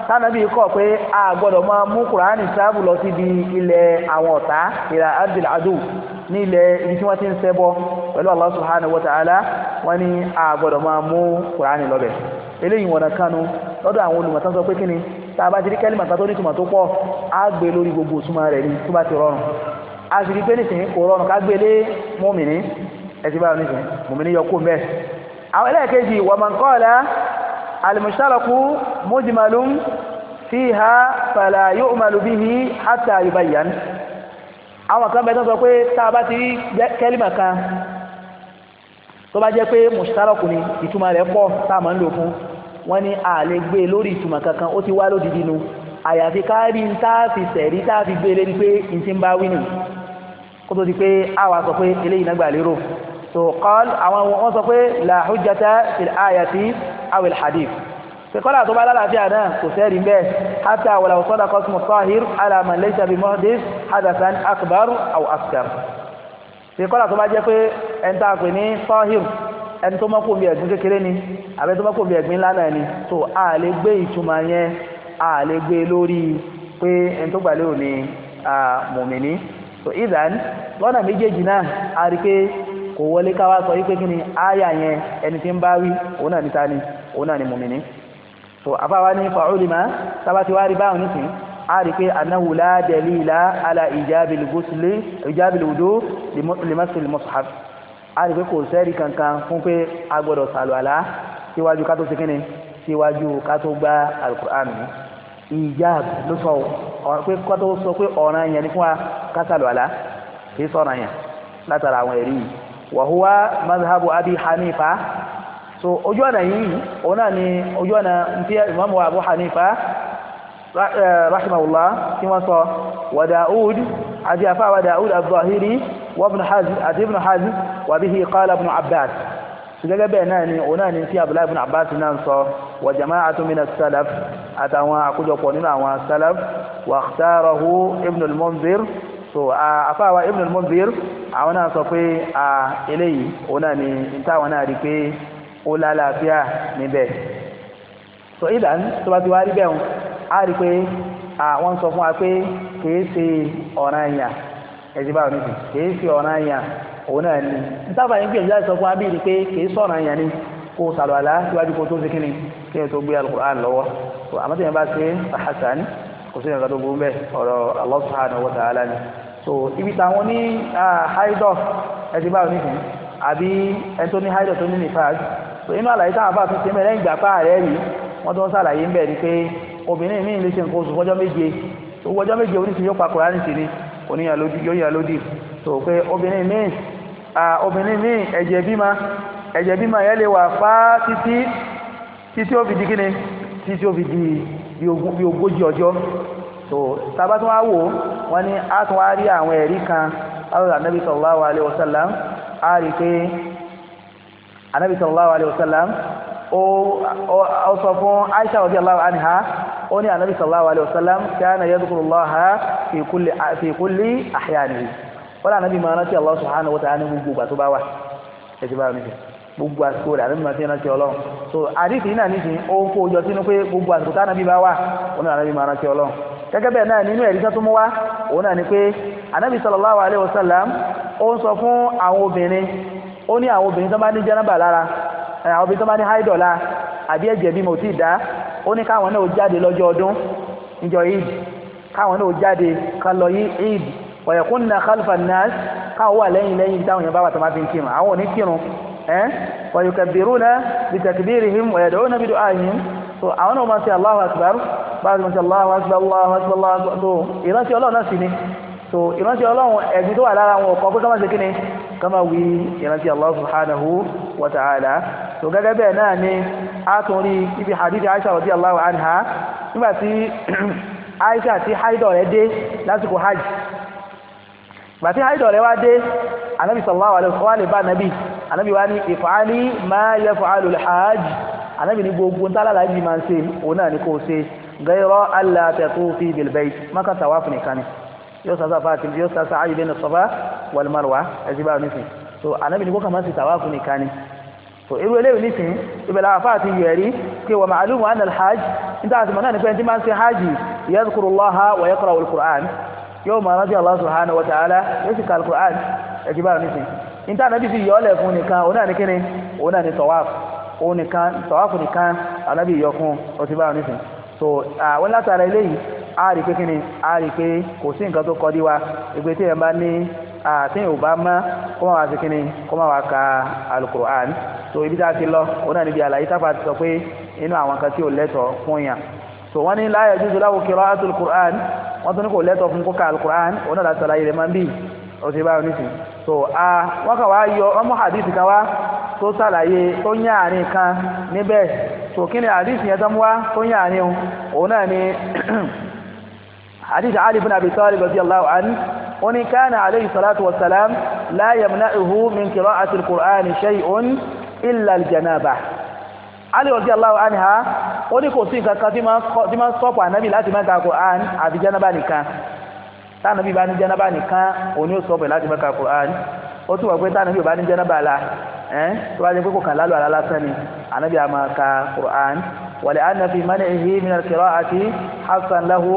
tánàbí kọ̀ pé a gbọ́dọ̀ máa mú kùránì sáàbù lọ síbi ilẹ̀ àwọn ọ̀tá ìlà abdul adu ní ilẹ̀ ibi tí wọ́n ti ń ṣẹbọ pẹ̀lú allah subhanahu wa ta'ala wọ́n ní a gbọ́dọ̀ máa mú kùránì lọ́bẹ̀ eléyìí wọ̀nà kanu lọ́dọ̀ àwọn olùmọ̀tán sọ pé kíni tá ti rí kẹ́límà tó ní tùmọ̀ tó pọ̀ á gbé lórí gbogbo òsùnmọ̀ rẹ̀ ní tó bá ti rọrùn a sì rí pé nìsín kò rọrùn ká gbélé mọ́mìnì ẹ ti bá wọn nìsín mọ́mìnì yọ kó mbẹ́ àwọn ẹlẹ́ẹ̀kejì wa man qala al-mushtaraku mujmalun fiha fala yu'malu bihi hatta yubayyan àwọn kan bẹ́ẹ̀ tó sọ pé tá a bá ti rí kẹ́límà kan tó bá jẹ́ pé mushtaraku ni ìtumọ̀ rẹ̀ pọ̀ tá a ń lò fún wọ́n ní a so qal àwọn wọn sọ pé la hujjata fil ayati awil hadith sekọ́lá tó bá lálàáfíà náà kò sẹ́rí bẹ́ẹ̀ hatta wàlà òsọ́dà cosmo tahir alaman leisha bi mohdis hadasan akbar aw askar sekọ́lá tó bá jẹ́ pé ẹni tá a pè ní tahir ẹni tó mọ́kùn bí ẹ̀gbin kékeré ni àbẹ́ tó mọ́kùn bí ẹ̀gbin ńlá ni tó a lè gbé ìtumọ̀ yẹn a lè gbé e lórí pé ẹni tó gbàlérò ni mùmìnì so idan lọ́nà méjèèjì náà a pé kò wọlé káwá sọ wípé kí ni áyà yẹn ẹni tí ń bá wí òun náà níta ni òun náà ni mùmìnì so àfáwa ní fàúlìmá sábàtí wá rí báwọn nìsín a rí pé anáwó láàdẹ̀lì ilá ala ìjábìlì òdó limasil mushaf a rí pé kò sẹ́rí kankan fún pé a gbọ́dọ̀ sàlùwàlá síwájú ká tó kíni síwájú ká gba alukur'an ìjáàb ló sọ pé ká sọ pé ọ̀ràn yẹn ni fún wa ká kì í sọ̀ràn yẹn látara àwọn ẹ̀rí yìí wàhúwá mazhabu abi hanifa so ojú ọ̀nà yìí òun náà ni ojú ọ̀nà tí imamu abu hanifa eh, rahimahullah tí wọ́n sọ wa daud àti afá wa daud az-zahiri wa ibn hazm àti ibn hazm wa ibn abbas so gẹ́gẹ́ bẹ́ẹ̀ náà ni òun náà ni tí abdullahi ibn abbas náà sọ wa jama'atu min as-salaf àtàwọn àkójọpọ̀ nínú àwọn salaf wa ikhtarahu ibn al-munzir so àfáàwà ibn al-mundhir àwọn náà sọ pé eléyìí òun náà ni táwọn náà rí pé ó lálàáfíà níbẹ̀ so ìdán tó bá ti wá rí bẹ́ẹ̀ á rí pé wọ́n sọ fún wa pé kìí ṣe ọ̀ràn àyà ẹ̀sìn báwọn nìkan kìí ṣe ọ̀ràn àyà òun náà ni nítàbà yín gbìyànjú láti sọ fún abíyí pé kìí sọ̀ràn àyà ni kó sàlùwàlá síwájú kó tó ṣe kíni kí ẹ tó gbé alukur'an lọ́wọ́ àmọ́ tí yẹn bá ṣe hasan kò sí ìrìnàjò tó burú bẹ́ẹ̀ ọ̀rọ̀ Allah subhanahu wa so ibi táwọn ní haidọ̀ ẹ̀sìn báyìí nìkan àbí ẹni tó ní haidọ̀ tó ní nifas so inú àlàyé táwọn àbá tún ṣe mẹ́rin ìgbà pa ààrẹ yìí wọ́n tó ń ṣàlàyé ń bẹ̀ ni pé obìnrin míì lè ṣe nǹkan oṣù fọ́jọ́ méje owó ọjọ́ méje oríṣi yóò pa kùránì sí ni oníyàn lódì yóò yà lódì so pé obìnrin míì obìnrin míì ẹ̀jẹ̀ bímọ ẹ̀jẹ̀ bímọ yẹn lè wà fá títí títí ó fi di kíni títí ó fi di bí ogójì ọjọ́ so sábà tí wọ́n wò wọ́n ní a tún wá rí àwọn ẹ̀rí kan alọ́dà anábì sallallahu alayhi wa sallam a rí pé anábì sallallahu alayhi wa sallam ó sọ fún Aisha radiyallahu anha ó ní anábì sallallahu alayhi wa sallam kana yadhkurullaha fi kulli ahyanihi wọ́n ní anábì máa rántí Allah subhanahu wa ta'ala ní gbogbo ìgbà tó gbogbo àsìkò rẹ̀ àbí màá fi rántí ọlọ́run so àdìsí náà nísìnyí ó ń kó o jọ sínú pé gbogbo àsìkò táwọn bí bá wà òun náà bí máa rántí ọlọ́run gẹ́gẹ́ bẹ́ẹ̀ náà nínú ẹ̀rí tó mú wá òun náà ni pé anábì sallallahu alaihi wasallam ó ń sọ fún àwọn obìnrin ó ní àwọn obìnrin tó bá ní jẹ́nàbà lára àwọn obìnrin tó bá ní háìdọ̀lá àbí ẹ̀jẹ̀ bí mo ti dá ó ní káwọn náà ó jáde lọ́jọ́ ọdún níjọ eid káwọn náà ó jáde kan lọ yí eid wa yakunna khalfan nas káwọn wà lẹ́yìn lẹ́yìn táwọn yẹn bá wà tó má fi ń kírun àwọn ò ní kírun ويكبرون بتكبيرهم ويدعون بدعائهم àwọn náà máa ṣe Allahu Akbar báyìí máa ṣe Allahu Akbar Allahu Akbar Allahu Akbar tó ìrántí Ọlọ́run náà sì ni tó ìrántí Ọlọ́run ẹ̀gbìn tó wà lára wọn ọ̀kọ́ pé ká máa ṣe kíni ká máa subhanahu wa ta'ala tó gẹ́gẹ́ bẹ́ẹ̀ náà ni a tún rí ibi hadith Aisha radiyallahu anha nígbà Aisha ti haidọ̀ rẹ̀ dé lásìkò hajj gbàtí haidọ̀ rẹ̀ wá dé anabi sallallahu alaihi wa lè bá anabi anabi wá ní ìfàálì máa yẹ fàálù hajj anabi ní gbogbo ntá alálàájì máa ń ṣe òun náà ní kò ṣe gẹ́rọ alàtẹ̀kù fi bilbẹ́ì maka tawaf nìkan ni yóò sasa fàtí yóò sasa ayé bẹ́ẹ̀ ní sọfá wal marwa ẹ̀sìn so anabi ní kò kàmá sí tawaf nìkan ni so irú eléyìí nísìn ìbẹ̀lẹ̀ àfáàtì yẹ̀rí pé wà màálùmù anàl hajj níta àti mọ̀ náà ní pé ẹni tí máa ń ṣe hajj yadhkurullaha yóò máa rántí Allah subhanahu wa ta'ala yóò sì ka alukur'an ẹ̀jú bá rẹ̀ nísìn níta anabi fi yọ ọ́lẹ̀ fún nìkan òun náà ní kíni òun náà ní tọ́wáf òun nìkan tọ́wáf nìkan anabi yọ fún ọtí bá rẹ̀ nísìn so àwọn látara eléyìí a rí pé kíni a rí pé kò sí nǹkan tó kọ́ dí wa ìgbé tí ẹ̀ bá ní àtẹ̀yìn ò mọ́ kó máa wá sí kíni kó máa wá ka alukur'an so ibi tá a ti lọ òun náà níbi àlàyé tápà ti sọ pé inú àwọn kan tí ò lẹ́tọ̀ọ́ fún yàn so wọ́n ní láyé jùsù láwù kírọ́ àtúl kùrán wọ́n tún ní kò lẹ́tọ̀ fún kókà alkùrán òun náà látara ilẹ̀ máa ń bì ó báyọ̀ nísìn so wọ́n kà wá yọ wọ́n mú hadith kan wá tó sàlàyé tó ń yá àárín kan níbẹ̀ so kí ni hadith yẹn tán wá tó ń yá àárín òun náà ni hadith Ali ibn Abi Talib radiyallahu anhu وني كان عليه الصلاة والسلام لا يمنعه من قراءة القرآن شيء إلا الجنابة ali radiyallahu anha ó ní kò sí nǹkan kan tí máa ń sọ́pù ànábì láti máa ka Qur'an àbí jẹ́nàbà nìkan tánàbí bá ní jẹ́nàbà nìkan òun ni ó sọ́pù láti máa ka Qur'an ó túnbọ̀ pé tánàbí bá ní jẹ́nàbà la ẹ́ tó bá jẹ́ pé kò kàn lálù àlá lásán ni ànábì á máa ka Qur'an wàlẹ̀ ànábì man'ihi min al-qira'ati hasan lahu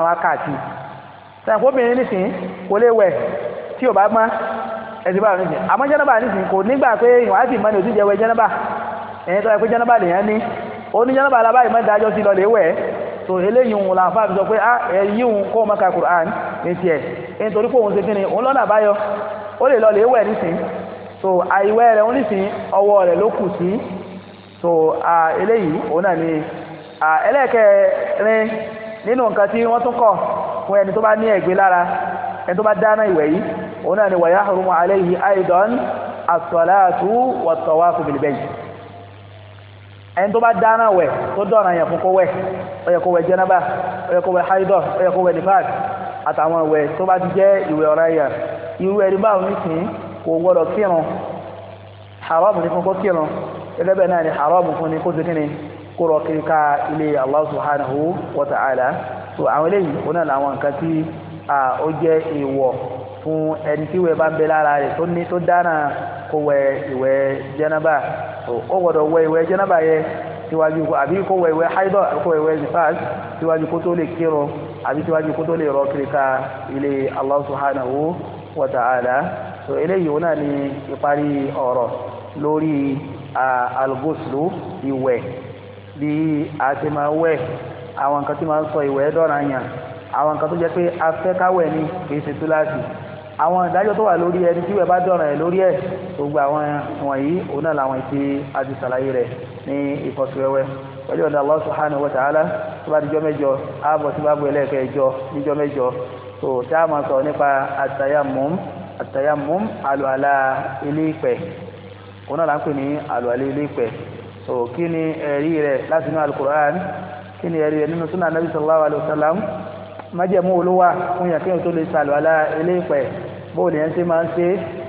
ala al sẹ́yìn obìnrin nísìn kò lè wẹ̀ tí ò bá mọ́ ẹ̀sìn bá nísìn àmọ́ jẹ́nàbà nísìn kò nígbà pé ìwọ̀n á sì mọ́ ní òsì jẹ́wẹ́ jẹ́nàbà ẹ̀yìn tó yẹ pé jẹ́nàbà lèèyàn ní ó ní jẹ́nàbà alábáyé mọ́ dájọ́ so eléyìí òun làǹfà àti sọ pé á ah, ẹ̀yìn òun kó mọ́ ka Qur'an ní tiẹ̀ ẹ̀yìn torí pé òun ṣe kíni òun lọ́nà àbáyọ ó lè lọ lè wẹ̀ nísìn so àìwẹ̀ rẹ̀ òun so eléyìí òun náà ni ẹlẹ́ẹ̀kẹrin nínú nǹkan tí wọ́n tún kọ́ fún ẹni tó bá ní ẹ̀gbin lára ẹni tó bá dáná ìwẹ̀ yìí òun náà ni wa yahrumu alayhi aidan as-salatu wat-tawafu bil-bayt ẹni tó bá dáná wẹ̀ tó dọ̀nà yẹn fún kó wẹ̀ ó yẹ kó wẹ̀ kó jẹ́ ìwẹ̀ ni kó ti kíni ká ilé Allah subhanahu wa ta'ala so àwọn eléyìí òun náà làwọn nǹkan tí ó jẹ́ èèwọ̀ fún ẹni tí ìwẹ̀ bá ń bẹ lára rẹ̀ tó ní tó dáná kó wẹ̀ ìwẹ̀ jẹ́nàbà so ó gbọ́dọ̀ wẹ̀ ìwẹ̀ jẹ́nàbà yẹ síwájú àbí kó wẹ̀ ìwẹ̀ haidọ̀ kó wẹ̀ ìwẹ̀ nifas síwájú kó tó lè kírun àbí síwájú kó tó lè rọ kiri ka ilé Allah subhanahu wa ta'ala so eléyìí òun náà ni ìparí ọ̀rọ̀ lórí alghuslu ìwẹ̀ bí a ti máa wẹ̀ àwọn nǹkan tí máa ń sọ ìwẹ̀ dọ̀ràn yàn àwọn nǹkan tó jẹ́ pé afẹ́ káwẹ̀ ni kì í ṣe túláàsì àwọn ìdájọ́ tó wà lórí ẹni tí ìwẹ̀ bá dọ̀ràn ẹ̀ lórí ẹ̀ gbogbo àwọn wọ̀nyí òun náà làwọn ti àti ṣàlàyé rẹ̀ ní ìfọ̀síwẹ́wẹ́ pẹ̀lú ọ̀dọ̀ Allah subhanahu wa ta'ala tó bá dijọ́ mẹ́jọ ààbọ̀ tí bá bu ẹlẹ́ẹ̀kẹ́jọ níjọ́ mẹ́jọ tó tá a máa sọ nípa àtàyàmùm àtàyàmùm àlùalá ilé ìpẹ́ òun náà là ń pè ní àlùalá ilé ìpẹ́ tó kí ni ẹ̀rí rẹ̀ láti inú alukur'an kí ni ẹ̀rí rẹ̀ nínú súnà nàbí sallallahu alaihi wasallam májẹ̀mú olówà fún yàn kéèyàn tó lè ṣàlùwàlá eléèpẹ̀ bóòlù yẹn ṣe máa ń ṣe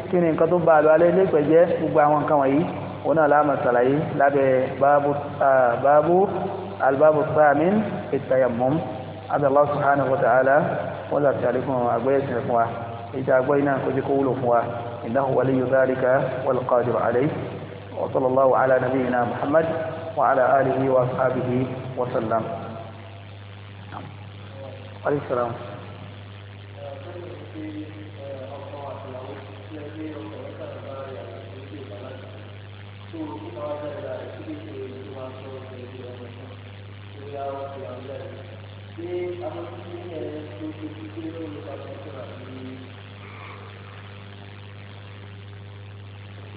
kí ni nǹkan tó ba àlùwàlá eléèpẹ̀ jẹ́ gbogbo àwọn nǹkan wọ̀nyí òun náà láàmà ṣàlàyé lábẹ́ báàbù albabu samin ìtayàmọ́m abdullahi subhanahu wa ta'ala wọ́n lọ sí àlékún àgbẹ̀yẹ̀ sí fún wa وعلى آله وأصحابه وسلم عليه السلام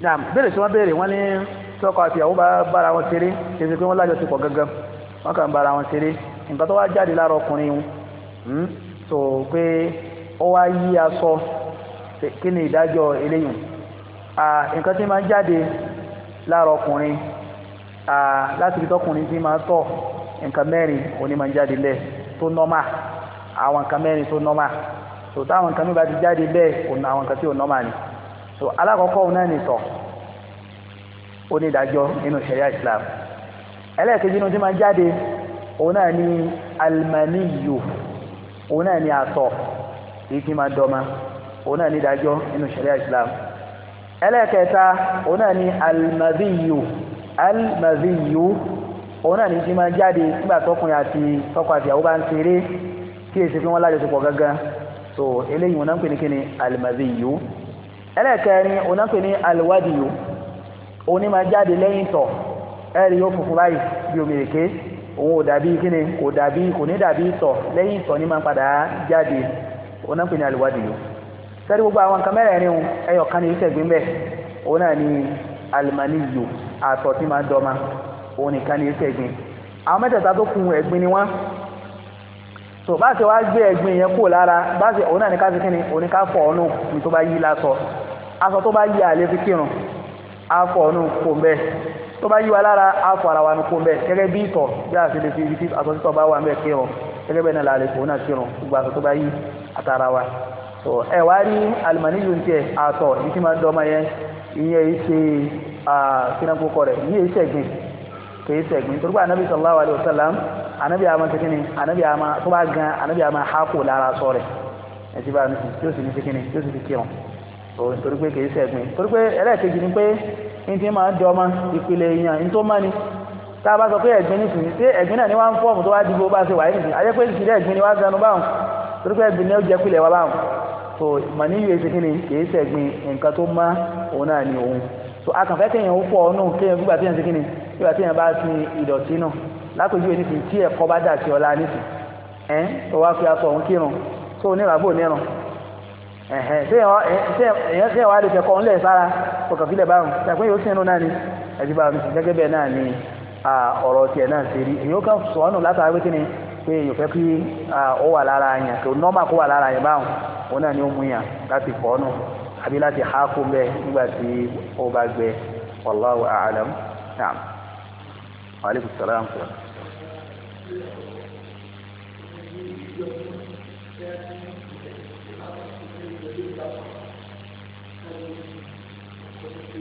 Naam, bẹ́ẹ̀ ni sọ wá bẹ́ẹ̀ tọkọ àti ìyàwó bára wọn ṣeré ṣèṣe pé wọ́n lájọṣepọ̀ gangan wọ́n kàn bára wọn ṣeré nǹkan tó wá jáde lára ọkùnrin wọn tó hmm, pé ó wá yí aṣọ kí ni ìdájọ́ eléyìí nǹkan tí máa ń jáde lára ọkùnrin láti fi tọkùnrin tí máa ń tọ̀ nǹkan mẹ́rin òní máa ń jáde lẹ̀ tó nọ́mà àwọn nǹkan mẹ́rin tó nọ́mà tó táwọn nǹkan mi bá ti jáde bẹ́ẹ̀ òun àwọn nǹkan tí ò nọ́mà ni so alákọ̀ọ́kọ́ òun náà nìtọ̀ onídàájọ́ nínú sharia islam ẹlẹ́ẹ̀kejì nínú tí máa jáde òun náà ni almaniyu òun náà ni àtọ̀ èyí tí máa dọ́mà òun náà ni ìdájọ́ nínú sharia islam ẹlẹ́ẹ̀kẹta òun náà ni almaziyu almaziyu òun náà ni tí máa jáde nígbà tọkùnrin àti tọkọ àti ìyàwó bá ń ṣeré kí èsì fi wọ́n lájọṣepọ̀ gangan so eléyìí òun náà ń pè ní kíni almaziyu ẹlẹ́ẹ̀kẹrin òun náà ń pè ní alwadiyu òun ní máa jáde lẹ́yìn tọ̀ ẹ̀rí yóò funfun báyìí bí omi èké òun ò dàbí kíni kò dàbí kò ní dàbí tọ̀ lẹ́yìn tọ̀ ní máa padà jáde òun náà pè ní àlùwádìí sẹ́rí gbogbo àwọn nǹkan mẹ́rẹ̀ẹ̀rin òun ẹyọ kan ní ìṣẹ̀gbín bẹ́ẹ̀ òun náà ní alimaniyo àtọ̀ tí máa ń dọ́ma òun nìkan ní ìṣẹ̀gbín àwọn mẹ́tẹ̀ẹ̀ta tó kun ẹ̀gbin ni wọ́n so bá ṣe wá gbé ẹ̀gbin yẹn kúrò lára bá ṣe òun náà ní ká fi kíni òun ní ká fọ̀ ọ́nù ní tó bá yí lásọ aṣọ tó bá yí àlè kírun afọ ọ̀nù kò ń bẹ́ tó bá yí wa lára afọ ara wa ní kò gẹ́gẹ́ bí ìtọ̀ bí a ṣe lè fi ibi àtọ̀ títọ̀ bá wà ń bẹ́ gẹ́gẹ́ bẹ́ẹ̀ náà la lè fòun náà kírun gbogbo àtọ̀ tó bá yí àtàrà wa so ẹ wá rí alimaniyu ń tiẹ̀ àtọ̀ yìí ti máa ń dọ́mọ yẹn ìyẹn yìí ṣe kínákókọ rẹ̀ yìí ṣe gbìn kìí ṣẹ̀gbìn torí sallam anabi ama sikini anabi ama tó bá gan anabi ama hako lára sọ rẹ̀ ẹ̀ ti bá òun torí pé kìí sẹ́gbìn torí pé ẹlẹ́ẹ̀kejì ni pé ní ti máa ń di ọmọ ìpìlẹ̀ èèyàn ní tó mọ́ni tá a bá sọ pé ẹ̀gbin nìsín tí ẹ̀gbin náà ní wá ń fọ́ọ̀mù tó wá di bó bá ṣe wáyé nìsín ayé pé ìṣẹ̀lẹ̀ ẹ̀gbin ni wá ganu báwọn torí pé ni ó jẹ́ pìlẹ̀ wá báwọn so màníyù èsì kí ni kí ẹ̀hẹ̀ ṣé wàá lè fẹ̀kọ́ ńlẹ̀ sára ọkànfilẹ̀ báwọn ṣàpé yóò sínú náà ni ẹ̀jú bá mi sì gẹ́gẹ́ bẹ́ẹ̀ náà ni ọ̀rọ̀ tiẹ̀ náà ṣe rí èyí ó kàn sọ ọ́nù látara pé kí ni pé èyí ò fẹ́ kí ó wà lára yẹn kò kó wà lára yẹn òun náà ni ó mú yàn láti àbí láti ha kó nígbà tí ó bá gbẹ wa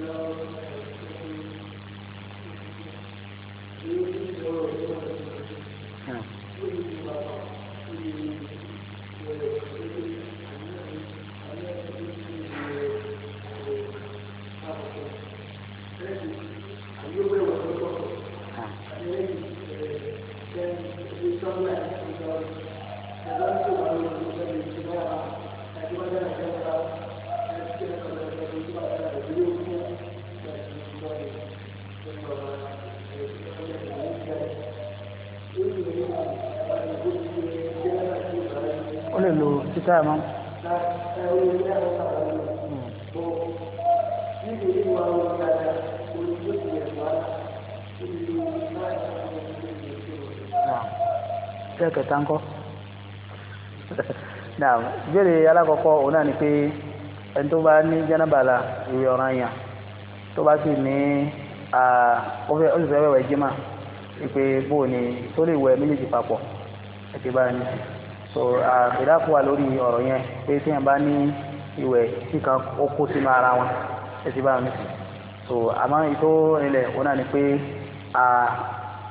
Thank you. Tamam. Tẹ́kẹ̀ẹ́ táńkọ́. Naam, ìbéèrè alákọ̀ọ́kọ́ òun náà ni pé ẹni tó bá ní jẹ́nàbàlà ìwé ọ̀ràn yàn tó bá sì ní ó sì fẹ́ wẹ̀wẹ̀ jímà pé bóò ni tó lè wẹ̀ méjèèjì papọ̀ ẹ̀ ti bá ní sí so àgbẹ̀dàpọ̀ wà lórí ọ̀rọ̀ yẹn pé téèyàn bá ní ìwẹ̀ kíkan ó kó sínú ara wọn ẹ ti bá wọn nísìnyí so àmọ́ ìtò ilẹ̀ òun náà ni pé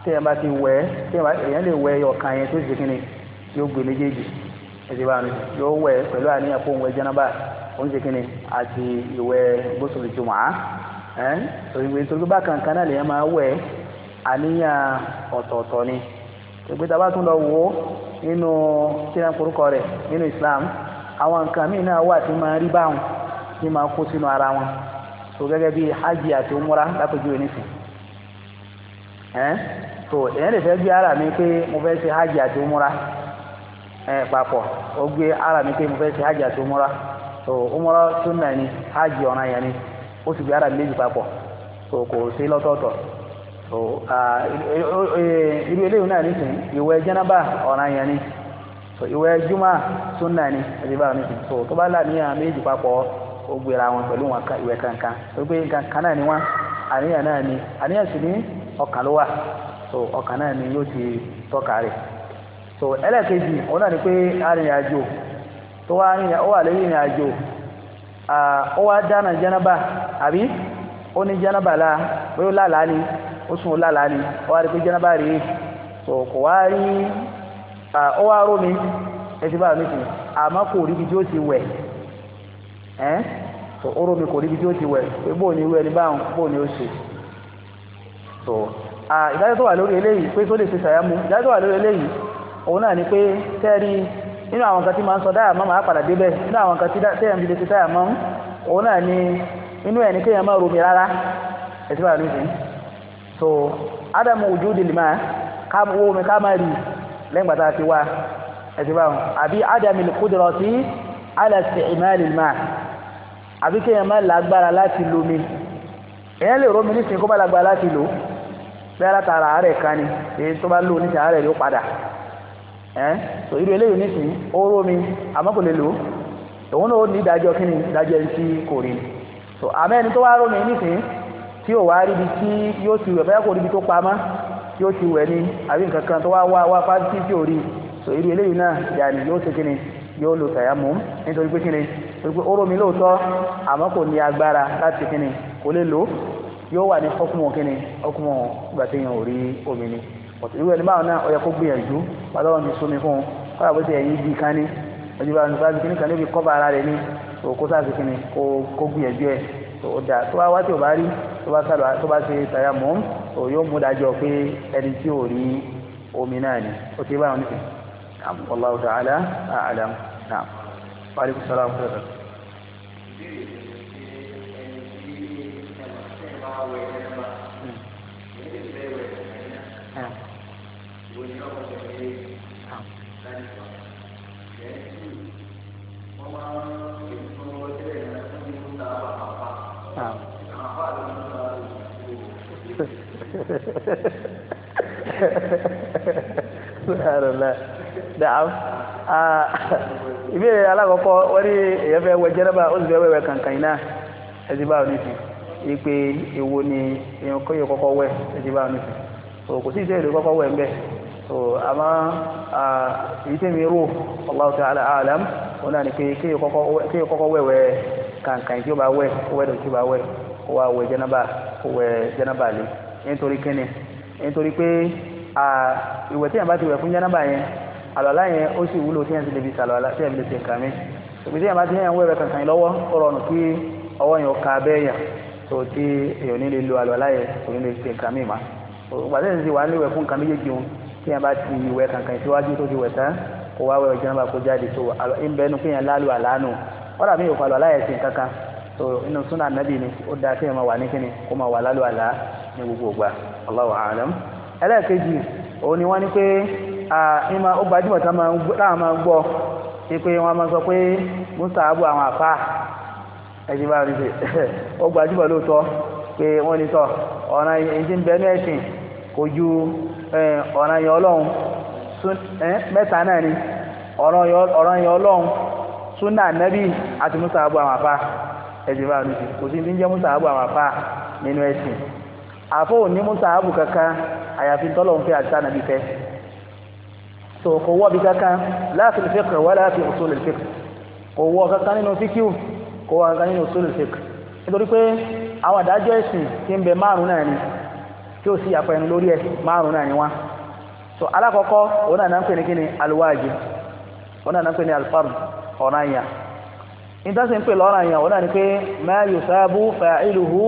téèyàn bá ti wẹ̀ èèyàn lè wẹ̀ ọ̀kan yẹn tó ṣe kí ni yóò gbé méjèèjì ẹ ti bá wọn nísìnyí yóò wẹ̀ pẹ̀lú àníyàn fún òun jẹ́nàbà òun ṣe kí ni àti ìwẹ̀ gbósùlù jùmọ̀ á ẹ̀ so ìwé ìtòlú bákan kan náà lèèyàn máa wẹ̀ àníyàn ọ̀tọ̀ọ̀tọ̀ ni. ìgbésẹ̀ bá tún lọ wuo ó nínú kíran korúkọ Islam àwọn nǹkan míì náà wà tí máa rí báwọn tí máa kó sínú ara wọn so gẹ́gẹ́ bí hajj àti umura lápẹjú ẹ̀ nísìn so èèyàn lè fẹ́ gbé ara mi pé mo fẹ́ ṣe hajj àti umura ẹ̀ papọ̀ ó gbé ara mi pé mo fẹ́ ṣe hajj àti umura so umura sunna ni hajj ara mi léjì papọ̀ so kò sí Uh, irú eléyìí náà nísìn ìwẹ̀ jẹ́nàbà ọ̀ràn yẹn ni ni ẹ̀dínbà nísìn so tó bá láàníyàn méjì papọ̀ ó gbéra wọn pẹ̀lú wọn kankan torí kankan náà ni wọn ya náà ni àníyàn sì ní ọkàn ló wà so ọkàn ni yóò ti tọ́ka rẹ̀ so ya òun náà ni pé o wa wá ó wà lórí ìrìnàjò dana wá abi jẹ́nàbà ni ó la pé ni ó sùn ó lálàá ni ó wá rí pé jẹ́nàbà rèé tó kò wá rí ó wá rómi ẹtí bá mi sùn àmọ́ kò rí ibi tí ó ti wẹ̀ ẹ́ tó ó rómi kò rí ibi tí ó ti wẹ̀ pé bóò ni irú ẹni báwọn bóò ni ó so tó ìdájọ́ tó wà lórí eléyìí pé tó lè ṣe sàyámú ìdájọ́ tó wà lórí eléyìí òun náà ni pé tẹ́ẹ̀rí nínú àwọn nǹkan tí máa ń sọ dáyà mọ́ máa padà débẹ̀ nínú àwọn nǹkan tí tẹ́yàn fi lè ṣe dáyà mọ́ òun náà ni inú ẹ̀ ní kéèyàn máa romi rárá ẹ̀sìn bá mi so ádámù wujudi lima káwọ́ omi ká máa rí lẹ́yìn gbàtà ti wá Abi Adam àbí ádámù qudrati ala isti'mal lima àbí kéèyàn má lágbára láti lomi èèyàn lè romi nísìnyí kó má lágbára láti lò bẹ́ẹ̀ látara àárẹ̀ kan ni èyí tó bá lò nísìnyí àárẹ̀ yóò padà ẹ́ so irú eléyìí nísìnyí ó romi àmọ́ kò lè lò òun náà ó ní ìdájọ́ kí ni ìdájọ́ ẹni tí kò rí so àmọ́ ẹni tó wá romi nísìnyí tí ò wá ríbi tí yóò ti wẹ̀ bẹ́ẹ̀ kò ríbi tó pamọ́ tí ó ti wẹ̀ ni àbí nǹkan kan tó wá wá wá fásitì tí ò rí so irú eléyìí náà yàní yóò ṣe kíni yóò lo tàyàmù nítorí pé kíni torí pé oró mi lóòótọ́ àmọ́ kò ní agbára láti kíni kò lè lò yóò wà ní ọkùnmọ̀ kíni ọkùnmọ̀ ìgbà tí yẹn ò rí omi ni ọ̀tún irú ẹni báwọn náà ó yẹ kó gbìyànjú padà wọn ti sómi fún un kọ́ra bó ti ẹ̀yìn ibi kan ní ọjọ́ bá ti kíni tó o da tó bá wá tí o bá rí tó bá sálọ tó bá ṣe tàyà mọ́ o yóò mú dájọ́ pé ẹni tí o rí omi náà ni o ti bá wọn nífẹ̀ẹ́ naam wallahu ta'ala a'lam naam wa salaam wa rahmatulah. Thank you. Hmm. Hmm. dàám ah, ìbéèrè alákọ̀ọ́kọ́ wọ́n ní èyàn fẹ́ wẹ jẹ́nẹ́bà ó sì fẹ́ wẹ̀wẹ̀ kankan iná ẹtì bá òní sí i pé èwo ni èyàn kọ́ yóò kọ́kọ́ wẹ̀ ẹtì bá òní sí i kò sí ìṣe èdè kọ́kọ́ wẹ̀ ń bẹ̀ àmọ́ èyí tẹ̀mí rò Allahu ta'ala a'lam wọn náà ni pé kí yóò kọ́kọ́ wẹ̀wẹ̀ kankan tí o bá wẹ̀ wẹ̀ lọ́ọ́ o ó bá wẹ̀ ó wà wẹ̀ jẹ́nẹ́bà ó wẹ̀ jẹ́nẹ́bà lé nítorí kíni nítorí pé ìwẹ̀ tí yẹn bá ti wẹ̀ fún jánábà yẹn àlọ́lá yẹn ó sì wúlò tí yẹn ti lè fi sàlọ́lá tí yẹn fi lè ṣe nǹkan mi ìgbé tí yẹn bá ti yẹn wẹ̀rẹ̀ kankan lọ́wọ́ ó rọrùn kí ọwọ́ yẹn ó ka abẹ́ yẹn tó tí èèyàn ní lè lo àlọ́lá yẹn kò ní lè ṣe nǹkan mi mà ògbà tí yẹn ti wà ní ìwẹ̀ fún nǹkan méjèèjì wọn tí yẹn bá ti wẹ̀ kankan síwájú tó ti wẹ̀ tán kó wá wẹ̀ jánábà kó jáde tó ìbẹ́nu kí so inú súnà nàbì ni o dáa kí ẹ máa wà ní kíni kó máa wà lálù àlá ní ni wọ́n ní pé ìmọ̀ ó gbajúmọ̀ táwọn máa ń gbọ́ ní pé wọ́n máa sọ pé mustahabu àwọn àfà ẹ̀jẹ̀ bá rí ṣe ó gbajúmọ̀ lóòótọ́ pé ju ọ̀nà yẹn ọlọ́run mẹ́ta náà ni ọ̀rọ̀ yẹn ọlọ́run súnà nẹ́bí àti ẹ̀sìn bá mi sì kò sí ní jẹ́ mùsàábù àwọn afá nínú ẹ̀sìn àfọ́ òní mùsàábù kankan àyàfi tọ́lọ̀ fẹ́ àti sànàbí fẹ́ so kò wọ́ bí kankan láti lè fẹ́kẹ̀ wá láti usul al-fiqh kò wọ́ kankan nínú fíkíù kò wọ́ kankan nínú usul al-fiqh nítorí pé àwọn àdájọ́ ẹ̀sìn ti ń bẹ márùn náà ni tí ó sì yàpọ̀ ẹnu lórí ẹ̀ márùn náà ni wá so alákọ̀ọ́kọ́ òun náà náà ń pè ní kíni al-wajib òun náà ìtọ́sí ń pè lọ́rọ̀ àyàn wọ́n náà ni pé ma yusabu fa'iluhu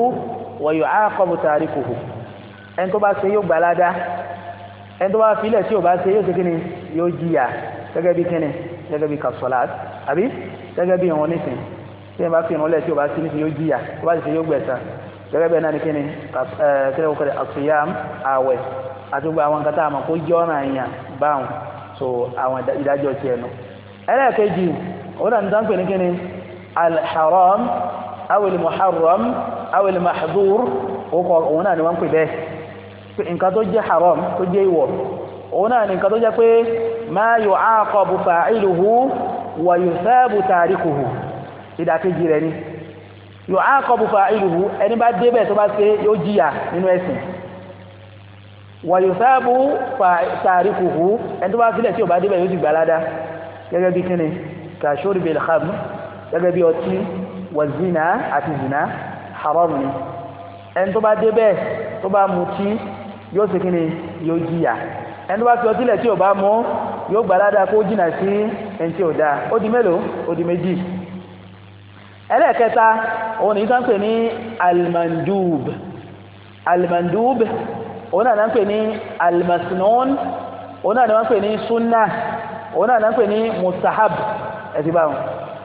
wa yu'aqabu tarikuhu ẹni tó bá ṣe yóò gbalada ẹni tó bá filẹ̀ tí ò bá ṣe yóò ṣe kíni yóò jìyà gẹ́gẹ́ bí kíni gẹ́gẹ́ bí kasolat àbí gẹ́gẹ́ bí ìwọ̀n nísìn tí ẹ bá fi ìrànlẹ̀ tí ò bá ṣe nísìn yóò jìyà tó bá ṣe yóò gbẹ̀san gẹ́gẹ́ bẹ́ẹ̀ náà ni kíni kíni so àwọn ìdájọ́ tiẹ̀ nù ẹlẹ́ẹ̀kejì òun náà ní sáńpẹ̀ ní kíni alḥaram awil muharram awil mahdur orúkọ òun náà ni wọ́n ń pè bẹ́ẹ̀ pé nǹkan tó jẹ́ haram tó jẹ́ ìwọ̀ òun náà ni nǹkan tó jẹ́ pé ma yu'aqabu fa'iluhu wa yusabu tarikuhu ìdàkejì rẹ̀ ni yu'aqabu fa'iluhu ẹni bá débẹ̀ tó bá ṣe yóò jìyà nínú ẹ̀sìn wa yusabu tarikuhu ẹni tó bá sílẹ̀ tí ò bá débẹ̀ yóò ti gbàládá gẹ́gẹ́ bí kíni kashurbil khamr gẹ́gẹ́ bí ọtí wàzínà àti zìnà haram ni ẹni tó bá dé bẹ́ẹ̀ tó bá mutí yóò ṣe kí ni yóò jìyà ẹni tó bá fi ọtí lẹ̀ tí ò bá mú yóò gbà ládàá kó jìnà sí ẹni tí ò dáa ó di mélòó ó di méjì ẹlẹ́ẹ̀kẹta òun ní sáńpè ní almandub almandub òun náà náà ń pè ní almasnon òun náà ń pè ní sunna òun náà ń pè ní mustahab ẹ̀sìn báwọn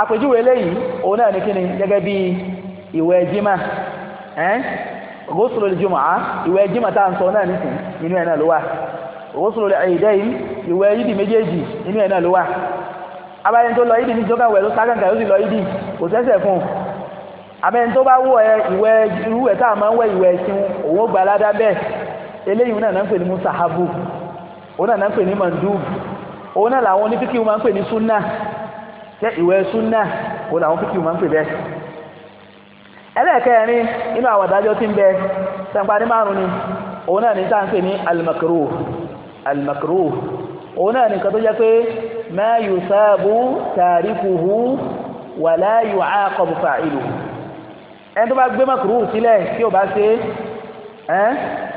àpèjúwe eléyìí òun náà ní kíni gẹ́gẹ́ bí ìwẹ̀ jimá ẹ́n ghuslul jumu'ah ìwẹ̀ jimá tá à ń sọ náà nìsín inú ẹ̀ náà ló wà ghuslul idayn ìwẹ̀ yídì méjèèjì inú ẹ̀ náà ló wà abáyẹn tó lọ yídì ní jọba wẹ̀ ló sákàǹkà ó sì lọ yídì kò sẹ́sẹ̀ fún un tó bá wọ ẹ ìwẹ̀ irú ẹ̀ tá à máa ń wẹ̀ ìwẹ̀ ẹ̀sìn òun ó bẹ́ẹ̀ eléyìí náà náà pè ní musahabu òun náà náà pè ní mandub òun náà làwọn onífíkì máa ń pè ní sunnah ṣé ìwẹ̀ súnà òun làwọn fíkì máa ń pè bẹ́ẹ̀ ẹlẹ́ẹ̀kẹrin inú àwọn àdájọ́ tí ń bẹ sẹ́ńpa ní márùn ni òun náà ní tá à ń pè ní al-makruh al-makruh òun náà nìkan tó jẹ́ pé ma yusabu tarikuhu wala yu'aqabu fa'iluhu ẹni tó bá gbé makruh sílẹ̀ tí ò bá ṣe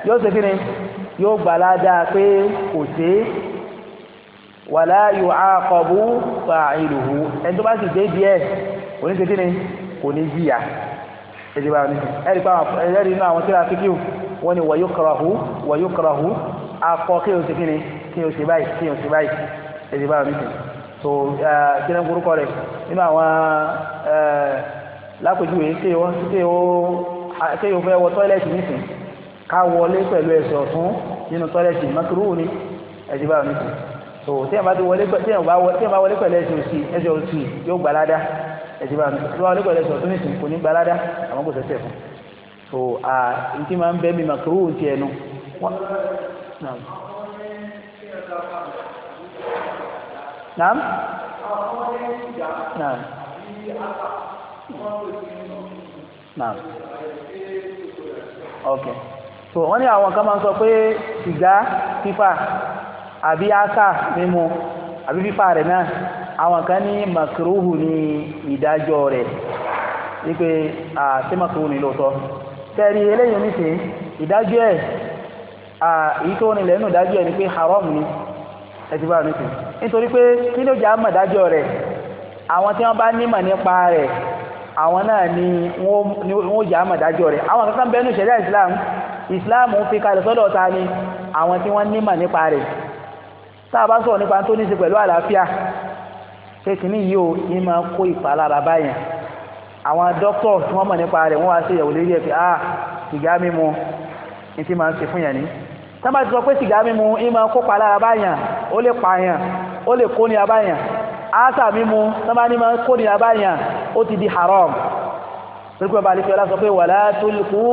yóò ṣe kí ni yóò gbà ládàá pé kò ṣe wàlá yóò àkọ́bù fa'iluhu ẹni tó bá sì dé díẹ̀ kò ní tètè ní kò ní jìyà ẹ̀dí bá wọn nísìn ẹ̀rí pa ẹ̀rí inú àwọn tíra fíkíù wọn ni wayukrahu wayukrahu akọ kí o sì kí ni kí o sì báyìí kí o sì báyìí ẹ̀dí bá wọn so kí ni burúkọ rẹ inú àwọn lápèjúwe kí fẹ́ wọ tọ́ílẹ̀tì nísìn ká wọlé pẹ̀lú ẹsẹ̀ ọ̀tún nínú tọ́ílẹ̀tì mọ́kúrú ni ẹ̀dí bá wọn nísìn so téèyàn bá ti wọlé téèyàn bá wọlé pẹ̀lú ẹsẹ̀ òsì ẹsẹ̀ òsì yóò gbalada ẹsẹ̀ bá mi tó bá wọlé pẹ̀lú ẹsẹ̀ òsì nìsín kò ní gbalada àwọn kò sẹ́sẹ̀ fún so ntí máa ń bẹ́ mi màkúrú ti ẹnu. naam naam naam ok so wọ́n ní àwọn kan máa ń sọ pé sìgá fífà àbí áká mímu àbí fífà rẹ̀ náà àwọn kan ní makruhu ní ìdájọ́ rẹ̀ wípé àti makruhu ní lóòótọ́ tẹ́rí eléyìí ní sìn ìdájọ́ ẹ̀ èyí tó nílẹ̀ nínú ìdájọ́ ẹ̀ ni pé haram ni ẹtì bá ní sìn nítorí pé kí ló jẹ́ àmọ̀ ìdájọ́ rẹ̀ àwọn tí wọ́n bá nímọ̀ nípa rẹ̀ àwọn náà ni wọ́n jẹ́ àmọ̀ ìdájọ́ rẹ̀ àwọn kankan bẹ́ẹ̀ nù ṣẹ̀ríà Islam Islam fi kalẹ̀ sọ́dọ̀ ta ni àwọn tí wọ́n nímọ̀ nípa rẹ̀ tá a bá sọ̀rọ̀ nípa tó ní ṣe pẹ̀lú àlàáfíà pé kìíní yìí ó ní máa kó ìpalára báyẹn àwọn dókítọ̀ tí wọ́n mọ̀ nípa rẹ̀ wọ́n wá sí ìyẹ̀wò lórí ẹ̀ pé ah sìgá mímu ní ti máa ń ṣe fún yẹn ni tá a bá ti sọ pé sìgá mímu ní máa kó palára báyẹn ó lè pààyàn ó lè kó ní abáyẹn áásà mímu tá ní máa kó ní abáyẹn ó ti di haram pẹ̀lú pé ọba àlefẹ́ ọlá sọ pé wala tulqu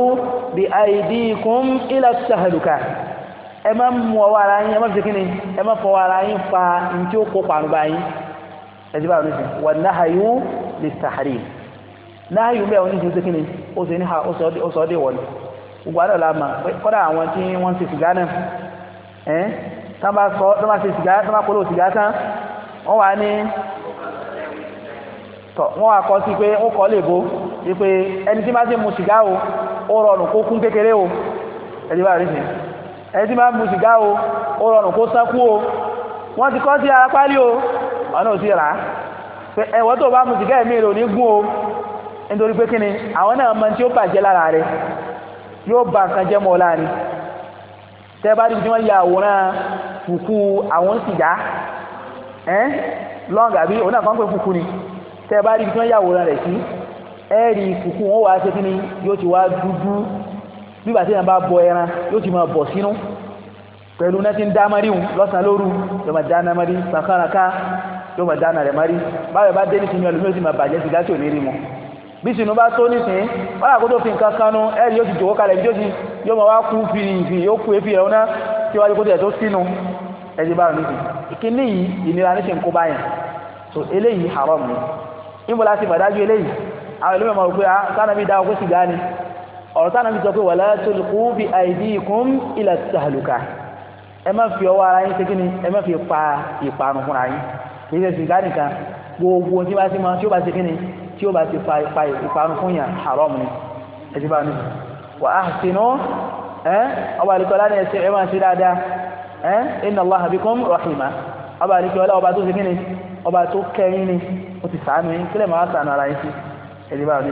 bi aydikum ila tahluka ẹ má mú ọwọ́ ara yín ẹ má fi kíni ẹ má fọwọ́ ara yín fa ní tí ó kó parun bá yín ẹ ti bá wà náhàyú lè sàárì náhàyú bẹ́ẹ̀ wọn ní ti ó ó ṣe ní ha ó sọ ọ́ dé wọ̀lú gbogbo àdó la mà kọ́dà àwọn tí wọ́n ti sìgá náà ẹ̀ tá bá sọ tá bá ṣe sìgá tá bá polówó sìgá tán wọ́n o ó rọrùn kó o ẹ ti ẹni tí máa ń sìgá o ó rọrùn kó sákú o wọ́n ti kọ́ sí ara pálí o ọ̀nà ò sí rà á pé ẹ̀wọ́ tó bá mu sìgá ẹ̀mí rẹ̀ ní gún o nítorí pé kí ni àwọn náà mọ tí ó bàjẹ́ lára rẹ̀ yóò ba nǹkan jẹ́ mọ́ ọ̀la ni tẹ́ bá dìbò tí wọ́n ya àwòrán fùkú àwọn sìgá ẹ́ lọ́ǹgà bí òun náà kàn ń fùkú ni tẹ́ bá dìbò tí wọ́n ya àwòrán rẹ̀ sí ẹ̀ẹ́rì fùkú wọn wá ṣe kí ni yóò ti wá dúdú bíbà tí yàn bá bọ ẹran yóò ti máa bọ̀ sínú pẹ̀lú náà ti ń dámarí hùn lọ́sàn lóru yóò máa dáná marí sàkàràká yóò máa dáná rẹ̀ marí báyọ̀ bá dé nísìnyí ọlùmí yóò ti máa bàjẹ́ sí láti òní rí mu bí sinú bá tó nísìnyí wọ́n àkótó fi nǹkan kanú ẹ̀rí yóò ti jòkó kalẹ̀ yóò ti yóò máa wá kú fìrìfì yóò kú efi ẹ̀hún náà tí wájú kótó ẹ̀ tó sínú ẹ̀dí bá rùn nísìnyí ìkíní yìí ìnira nísìnyí kó báyàn so eléyìí haram ni ìmúlá ti bàdájú eléyìí ọ̀rọ̀ táwọn fi sọ pé wala tulqu bi aydikum ila tahluka ẹ má fi ọwọ́ ara yín ṣe kí ni ẹ má fi pa ìparun fúnra yín kì í ṣe sìgá nìkan gbogbo tí bá ti mọ tí ó bá ṣe kí tí ó bá ti pa ìparun fún yàn haram ni ẹ bá ní. wa ahsinu ẹ ọba àlùkọ́lá ni ẹsẹ̀ ẹ ṣe dáadáa ẹ inna Allaha rahima ọba àlùkọ́lá ọba tó ṣe kí ọba tó kẹ́yìn ni ó ti ṣàánú yín kílẹ̀ máa ṣàánú ara yín sí ẹ bá ní.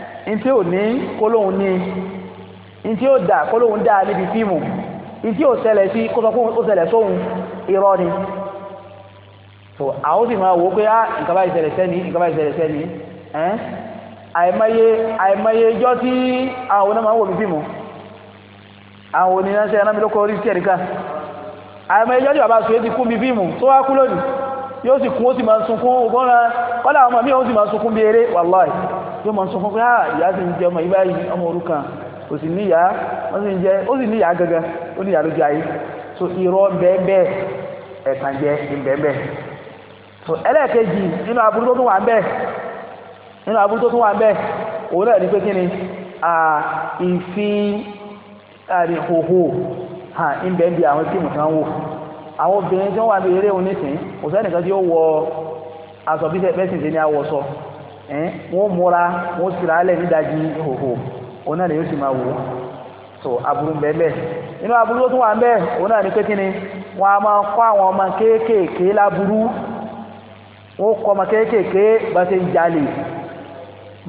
ntí ò ní kólóhùn ní ntí ò dà kólóhùn dà níbi fíìmù ntí ò ṣẹlẹ̀ sí kó sọ pé ó ṣẹlẹ̀ sóhun irọ́ ni so àwọn sì máa wò ó pé á ah, nǹkan báyìí ṣẹlẹ̀ sẹ́ni nǹkan báyìí ṣẹlẹ̀ sẹ́ni ẹ́n àìmọye àìmọye ijọ́ tí àwọn onímọ̀ máa ń wò mí fíìmù àwọn oníyanṣẹ́ ẹ̀rọ orí sí ẹ̀ríkà àìmọye ijọ́ tí bàbá sùn ti kú mi fíìmù tó wá kú lónìí yóò sì kú ó sì máa sunkún mi ó sì yóò ma sọ ya pé ah, ìyá sì ń jẹ ọmọ yìí báyìí ọmọ òrukàn kò sì níyà ó sì ń jẹ ó sì níyà gangan ó níyà lójú ayé so irọ́ bẹ́ẹ̀ ẹ̀tàn jẹ ìbẹ̀ẹ̀bẹ̀ so ẹlẹ́ẹ̀kejì nínú aburú tó tún wà bẹ́ẹ̀ nínú aburú tó tún wà bẹ́ẹ̀ òun náà ní pé kí ni àwọn tí wò àwọn obìnrin tí wọ́n wà ní eré òsẹ́nìkan tí ó wọ aṣọ bí ẹ̀ wọ́n múra wọ́n sira alẹ́ nídajì ìhòhò òun náà lèyìn ó sì máa wò so aburú bẹ́ẹ̀ bẹ́ẹ̀ inú aburú tó tún wà bẹ́ẹ̀ òun náà ní pé kí ni wọ́n a máa kọ́ àwọn ọmọ kéékèèké láburú wọ́n kọ́ ọmọ kéékèèké bá ṣe ń jalè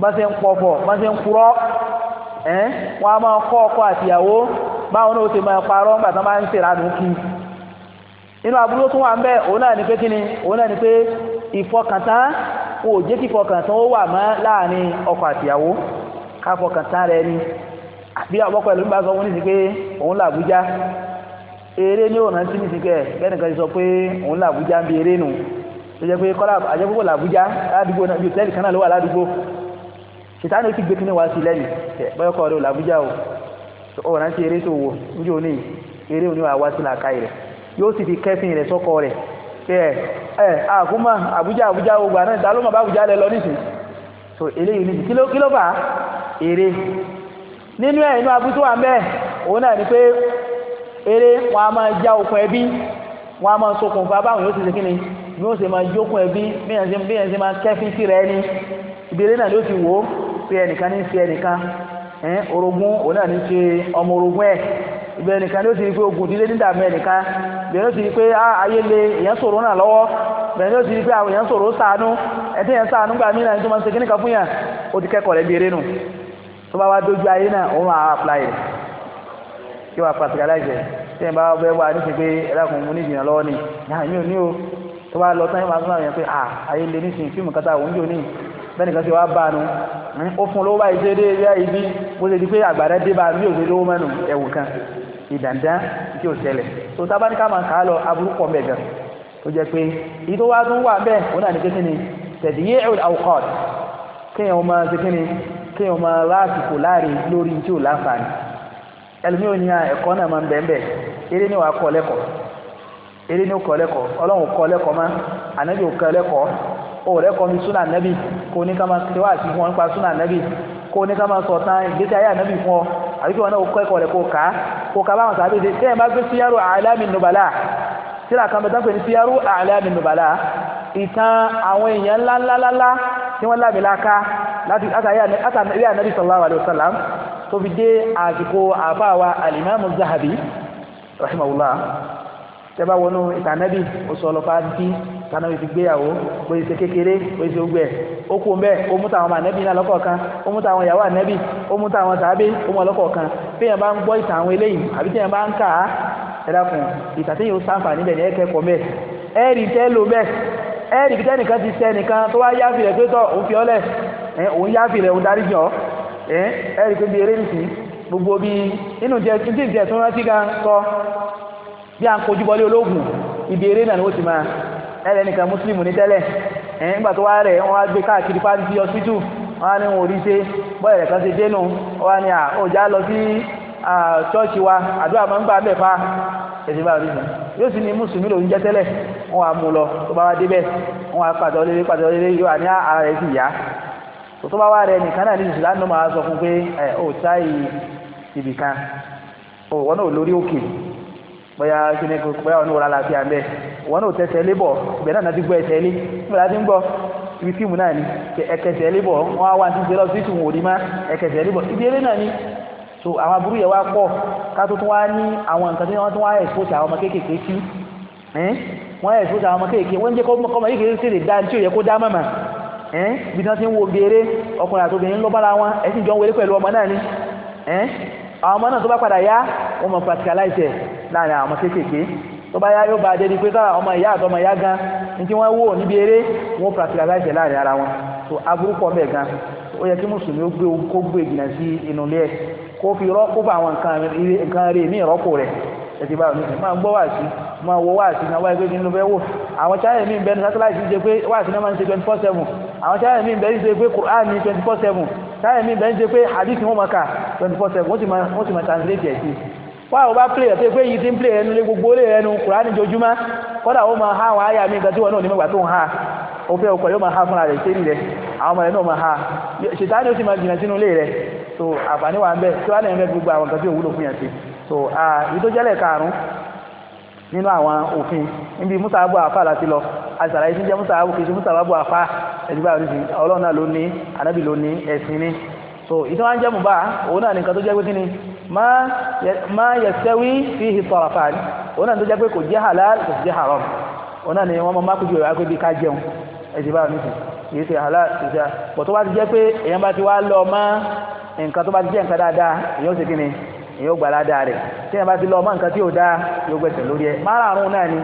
bá ṣe ń pọ̀fọ̀ bá ṣe ń purọ́ ẹ̀ wọ́n a máa kọ́ ọkọ àtìyàwó báwọn náà ó ti máa parọ́ nígbà tí wọ́n bá ń ṣèrà nù kí inú aburú tó tún wà bẹ́ẹ̀ òun náà ní pé kí ni òun náà ní pé ìfọkàntán wọn ò jẹ́ kí fọkàntán ó wà mọ́ láàrin ọkọ àtìyàwó ká fọkàntán rẹ ni bí ọkọ ẹ̀lú bá sọ wọn nísìnyí pé òun làbújá eré ní òun rántí nísìnyí pé bẹ́ẹ̀ nìkan ti sọ pé òun làbújá ń bi eré nù tó jẹ́ pé kọ́lá àjẹpọ̀ làbújá ládùúgbò náà bí òtẹ́ẹ̀lì kan náà ló wà ládùúgbò ṣètàn ó ti gbé kíní wá sí lẹ́nu bọ́yọ̀kọ́ rẹ̀ làbújá o ó rántí eré tó wò níjó ní eré òní wà wá sí làkàì rẹ̀ yóò sì fi kẹ́sìn rẹ̀ sọ́kọ rẹ̀ ẹ ẹ àkúmọ̀ àbújá àbújá gbogbo àná ìta ló mọ̀ bá àbújá lẹ lọ nísìn so eléyìí ní kí ló kí ló fà á èrè nínú ẹ̀ inú abúlé tó wà mẹ́ẹ̀ òun náà ni pé eré wọn a máa já okùn ẹbí wọn a máa ṣokùnfà báwọn yóò ti ṣe kí ni bí wọ́n ṣe máa jókun ẹbí bí yẹn ṣe máa kẹ́fín sí rẹ ni ìbéèrè náà ló ti wò ó pé ẹnìkan ní í ṣe ẹnìkan orogún òun náà ní ṣe ọmọ orogún ẹ̀ ìbẹ̀rẹ̀ nìkan ni ó ti rí pé ogun ìdílé nígbà mẹ́ nìkan ìbẹ̀rẹ̀ ó ti rí pé ah, ayé le èèyàn ṣòro náà lọ́wọ́ ìbẹ̀rẹ̀ ti rí pé èèyàn ṣòro sànú ẹ̀tẹ́ yẹn sànú gbà mílíọ̀nù tó máa ń ṣe kíníkan fún yàn ó ti kẹ́kọ̀ọ́ rẹ̀ nù tó bá wá dójú ayé náà òun apply nu ah, ah, hmm, ó fún lówó báyìí ṣe dé ibi ìdàndá tí nke ṣẹlẹ̀ tó tá ní ka máa kà á tó jẹ́ pé èyí wá tún wà òun náà ní kékeré ni tẹ̀díyé àwòkọ́t kéèyàn máa ṣe kéèyàn kéèyàn máa láàsìkò láàrin lórí tí ò láǹfààní ẹlòmíì ò ní ah, ẹ̀kọ́ náà máa ń bẹ̀ mbẹ̀ eré ni kọ́ lẹ́kọ̀ọ́ ni ma kó ní ká máa sọ tán ìgbésí ayé ànábì fún ọ àbí kí wọn náà kó ẹ̀kọ́ rẹ̀ kó kà á kó ka báwọn sábẹ́ ṣe tẹ́yìn bá gbé síyárò àlámì nùbàlà síra kan bẹ̀tán pè ní síyárò àlámì nùbàlà ìtàn àwọn èèyàn ńláńláńlá tí wọ́n lábẹ́ láka láti ilé ànábì sallallahu alaihi wasallam tó fi dé àsìkò àbáwa alimami zahabi rahimahullah tẹ́bá wọnú ìtàn ànábì ó sọ ọlọ́pàá ti gbéyàwó bóyá ṣe kékeré bóyá ṣe gbẹ ó kú bẹ́ẹ̀ ó mú tàwọn ànábì náà lọ́kọ̀ọ̀kan ó mú tàwọn ìyàwó ànábì ó mú tàwọn tàbí ó mú ọlọ́kọ̀ọ̀kan téèyàn bá ń gbọ́ ìtàn àwọn eléyìí àbí ti tó wá yáfi òun yáfi òun jọ eré nìsí gbogbo inú jẹ tó rántí gan sọ bí ẹ̀yìn nígbà tó wá rẹ̀ wọ́n wá gbé káàkiri fáńtì ọsítù wọ́n á ní wọn rí ṣe bọ́ọ̀ ẹ̀rẹ̀ kan ṣe dénú wọ́n ní à lọ sí ṣọ́ọ̀ṣì wa àdúrà máa ń gbà bẹ́ẹ̀ fa ẹ̀sìn bá rí mi yóò sì ní mùsùlùmí lòún jẹ́ tẹ́lẹ̀ wọ́n wá mú lọ tó bá wá débẹ̀ wọ́n wá pàtó lélé pàtó lélé yóò wà ní ara rẹ̀ sì yá tó wá ní wọn náà tẹsẹ̀ lébọ̀ ìgbẹ́ náà ti gbọ́ ẹsẹ̀ lé nígbà láti ń gbọ́ ibi fíìmù náà ni ẹkẹsẹ̀ lébọ̀ wọn wá ní ṣe lọ́sí òní má ni so àwọn aburú yẹn wá pọ̀ ká tó tún wá ní àwọn nǹkan tí wọ́n tún wá expose àwọn ọmọ kéékèèké sí wọ́n expose àwọn ọmọ kéékèèké wọ́n jẹ́ kéékèèké sì lè dá tí ò yẹ kó dá wọ́n ti ń wo ọkùnrin tó bá yá yóò bá dé di pé sáà ọmọ ìyá àtọmọ ìyá gan ní tí wọ́n wò níbi eré wọ́n practicalize láàrin ara wọn so aburú pọ̀ bẹ́ẹ̀ gan ó yẹ kí mùsùlùmí ó gbé kó gbé ìgbìnà sí inú ilé ẹ̀ kó fi rọ́pò bá àwọn nǹkan rẹ̀ ní ìrọ́pò rẹ̀ ẹ̀sìn báyọ̀ nísìnyí máa gbọ́ wá sí máa wo wá sí náà wáyé pé kí n ló fẹ́ wò àwọn china mi bẹ́ẹ̀ ní satellite ń ṣe pé wá sí náà máa ń ṣe twenty four seven àwọn china mi bẹ́ẹ̀ ń ṣe pé Quran ní twenty four seven china mi bẹ́ẹ̀ ń ṣe pé hadith wọn máa kà twenty four seven wọ́n sì máa translate ẹ̀ sí i wá bá play tó pé yìí ti ń play ẹnu lé gbogbo lé ẹnu kùránì jojúmọ́ kọ́dà ó máa ha àwọn àyà mi ìgbà wọn náà ní mẹ́gbà tó ń ha ó ọkọ̀ yóò máa ha fúnra rẹ̀ ṣé rẹ̀ àwọn ọmọ rẹ̀ náà máa ha ṣètáni ó sì máa jìnnà sínú ilé rẹ̀ so àǹfààní wa ń bẹ tí wàá lẹ́yìn gbogbo àwọn nǹkan òwúlò fún yẹn sí ma yastawi fihi tarafani òun náà tó jẹ́ pé kò jẹ́ halal kò jẹ́ haram òun náà ni wọ́n mọ́ má kójú rẹ̀ wákò bí ká jẹun ẹ̀jẹ̀ bá mi ṣe halal kìí ṣe pọ̀ tó bá ti jẹ́ pé èèyàn bá ti wá lọ mọ́ nǹkan tó bá ti jẹ́ nǹkan dáadáa èèyàn ó ṣe kí ni èèyàn ó gbà ládàá rẹ̀ tí èèyàn bá ti lọ mọ́ nǹkan tí ò dáa yóò gbẹ̀sẹ̀ lórí ẹ̀ márààrún náà ni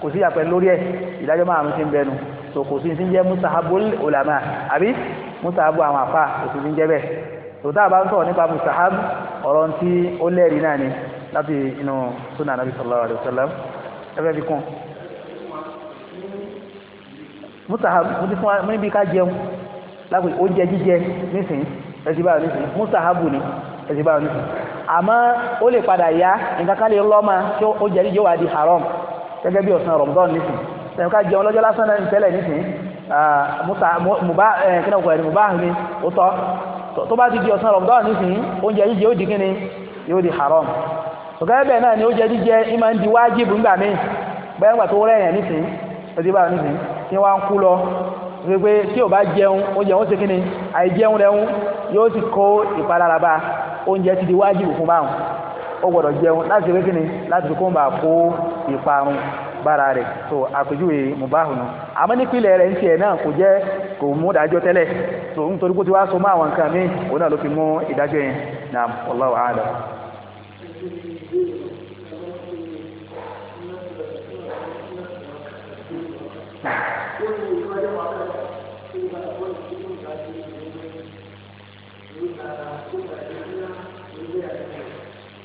kò sí yàpẹ̀ lórí ẹ̀ ìdájọ́ márààrún ti ń bẹnu so kò sí ti ń jẹ́ mustahabul ulama àbí mustahabu àwọn àfa kò sí ti ń jẹ́ bẹ́ẹ̀ sòtá àbá ń sọ̀rọ̀ nípa mustahab ọ̀rọ̀ tí ó lẹ́rìí náà ni láti inú sunna anabi sallallahu alayhi wa sallam ẹfẹ́ fi kún mustahab mo ti fún wa níbi ká jẹun lápò oúnjẹ jíjẹ nísìnyí ẹsì báyọ̀ nísìnyí mustahab ni ẹsì báyọ̀ nísìnyí àmọ́ ó lè padà yá nǹkan ká lè lọ́mọ tí oúnjẹ jíjẹ wà di haram gẹ́gẹ́ bí ọ̀sán rọ̀mùdọ́n nísìnyí sẹ́yìn ká jẹun lọ́jọ́ lásán náà tẹ́lẹ̀ nísìnyí ah, mubah ẹ̀ eh, kí ẹ̀ mubah ni ó tọ́ tó bá ti di ọ̀sán rọ̀mùdọ́wà nísìnyí oúnjẹ jíjẹ ó di kíni yóò di haram ṣùgbọ́n náà ni oúnjẹ jíjẹ ń ń di wájìbù ńgbà míì bẹ́ẹ̀ ńgbà tó rẹ̀yàn nísìnyí ó ti bá wọn tí wọ́n ń kú lọ ṣe tí ò bá jẹun oúnjẹ ó ṣe kíni àìjẹun agbára rẹ̀ so àpèjúwe mubahunu àmọ́ nípìnlẹ̀ rẹ̀ ń tiẹ̀ náà kò jẹ́ kò mú ìdájọ́ tẹ́lẹ̀ so nítorí pé tí wàá so mọ́ àwọn nǹkan míì òun náà ló fi mú ìdájọ́ yẹn naam wallahu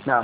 Naam.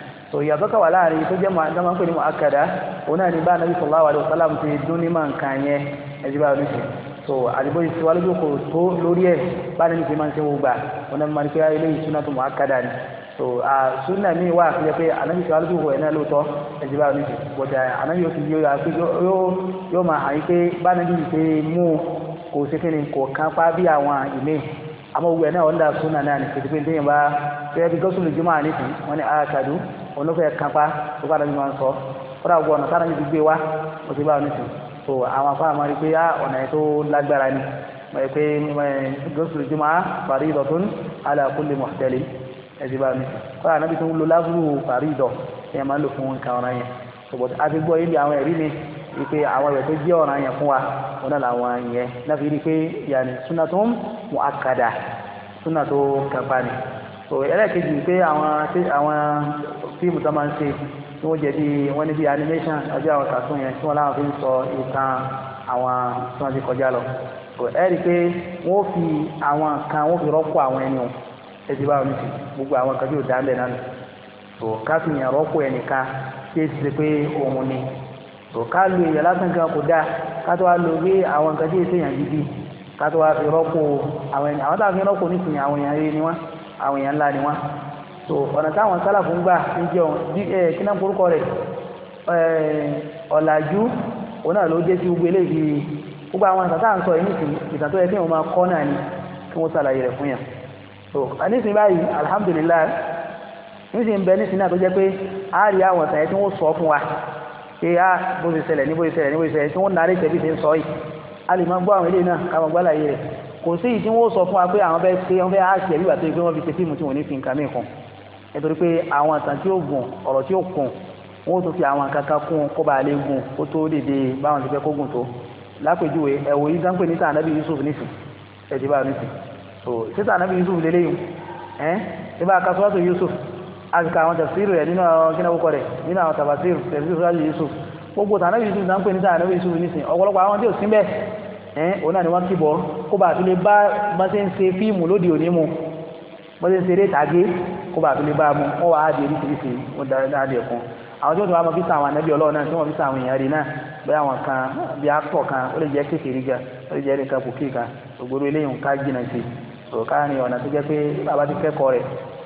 so ìyàtọ̀ kà wà láàrin tó jẹ́ máa ń pè ní mọ̀ akada òun náà ní bá anabi sallallahu alaihi wasallam ti dún ní máa ń kàn yẹn ẹjọ́ bá mi sè so àdìbò ìsìwá lójú kò tó lórí ẹ̀ bá anabi ti máa ń ṣe wò gbà òun náà máa ń pè é ilé ìsúná tó mọ̀ akada ni so sunna mi wà fi jẹ́ pé anabi sallallahu alaihi wasallam náà lóòótọ́ ẹjọ́ bá mi sè bọ̀dà anabi yóò fi yóò àmọ́ gbogbo ẹ̀ náà wọ́n dà súnà náà ní kìtìpé téèyàn bá fẹ́ bí gọ́sùn lè jùmọ̀ àníkùn wọ́n ní àkàdù òun ló fẹ́ kápá tó bá dájú máa ń sọ kódà gbogbo ọ̀nà sára níbi gbé wá mo ti bá wọn nísìn so àwọn afá àmọ́ rí pé á ọ̀nà ẹ̀ tó lágbára ni mo rí pé gọ́sùn lè jùmọ̀ àfàrí ìdọ̀ tó ń alákùnlé mọ̀ tẹ́lẹ̀ ẹ̀ ti bá wọn nísìn kódà náà bí tó ń lo lásùrù fàrí ìdọ̀ wípé àwọn ìwẹ̀ tó jẹ́ ọ̀ràn yẹn fún wa wọn náà làwọn yẹn náà fi rí i pé yàní sunnatun muakkada súnà tó kápá ni so ẹlẹ́ẹ̀kejì pé àwọn àwọn fíìmù tó máa ń ṣe tí wọ́n jẹ́ bí wọ́n ní bí animation àbí àwọn kàtún yẹn tí wọ́n láwọn fi ń sọ ìtàn àwọn tí wọ́n ti kọjá lọ so ẹ rí i pé wọ́n fi àwọn kan wọ́n fi rọ́pò àwọn ẹni o ẹ ti bá wọn nìkan gbogbo àwọn kan tí ò dá ń bẹ̀ náà so káfíń yẹn rọ́pò ẹnìkan tí ó so ká lu èèyàn lásán kan kò dáa ká tó wá lo gbé àwọn nǹkan tí èsì èèyàn gidi ká tó wá fi rọ́pò àwọn èèyàn rọ́pò nísìnyí àwọn èèyàn rere ni wọ́n àwọn èèyàn ńlá ni wọ́n so ọ̀nà táwọn sálàfù ń gbà ń jẹun kí náà forúkọ rẹ̀ ọ̀làjú òun náà ló dé sí gbogbo eléyìí gbogbo àwọn ìtàn táà ń sọ yìí ìtàn tó yẹ kí wọ́n máa kọ́ náà ni kí wọ́n sàlàyé rẹ̀ fún yàn so nísìnyí báyìí alhamdulillah nísìnyí bẹ nísìnyí náà tó jẹ́ pé a rí àwọn ìtàn yẹn tí wọ́n sọ fún wa pé á ah, bó ṣe ṣẹlẹ̀ ní bó ṣe ṣẹlẹ̀ ní bó ṣe ṣẹlẹ̀ tí wọ́n nàárẹ̀ tẹ̀bí ṣe ń sọ yìí a lè máa gbọ́ àwọn eléyìí náà káwọn gbọ́ àlàyé rẹ̀ kò sí ìdí wọn ó sọ fún wa pé àwọn fẹ́ pé wọ́n fẹ́ á ṣe ẹ̀bí ìgbà tó yẹ pé wọ́n fi ṣe fíìmù tí wọ́n ní fi nǹkan mìíràn nítorí pé àwọn àtàn tí ó gùn ọ̀rọ̀ tí ó kùn wọ́n ó fi àwọn kankan kún kó bá lè gùn kó tó dèdè báwọn ti fẹ́ kó gùn tó lápèjúwe Yusuf nísì ẹ̀dí bá nísì so síta Yusuf lélẹ́yìn ẹ̀ ẹ̀ bá a ka Yusuf àsìkò àwọn tafsiru rẹ̀ nínú àwọn kí náà kọ́ rẹ̀ nínú àwọn tafsiru tafsiru sọ́jú Yusuf gbogbo tànà Yusuf náà ń pè ní tànà Yusuf nísìn ọ̀pọ̀lọpọ̀ àwọn tí ò sí ẹ̀ òun náà ni wọ́n kíbọ̀ kó bá àtúlé bá bá ṣe ń ṣe fíìmù lóde òní mu bá ṣe ń ṣe eré tàgé kó bá àtúlé bá mu wọ́n wà á di oríṣiríṣi wọ́n dáadé ẹ̀kún àwọn tí wọ́n ti wá mọ fi sàwọn ànábì Ọlọ́run náà tí wọ́n fi sàwọn èèyàn sí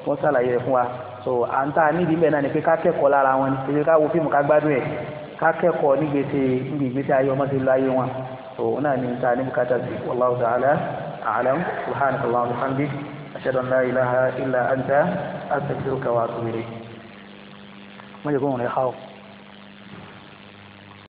wọ́n sàlàyé rẹ̀ fún wa so à ń tà nídìí bẹ́ẹ̀ náà ni pé ká kẹ́kọ̀ọ́ lára wọn ni èyí ká wo fíìmù ká gbádùn ẹ̀ ká kẹ́kọ̀ọ́ nígbèsè ayé ọmọ ti lọ ayé wọn so náà ni ta ní bukata sí wallahu ta'ala a'lam subhanaka allahumma wa bihamdik ashhadu an la ilaha illa anta astaghfiruka wa atubu ilayk. kó wọn rẹ̀ ha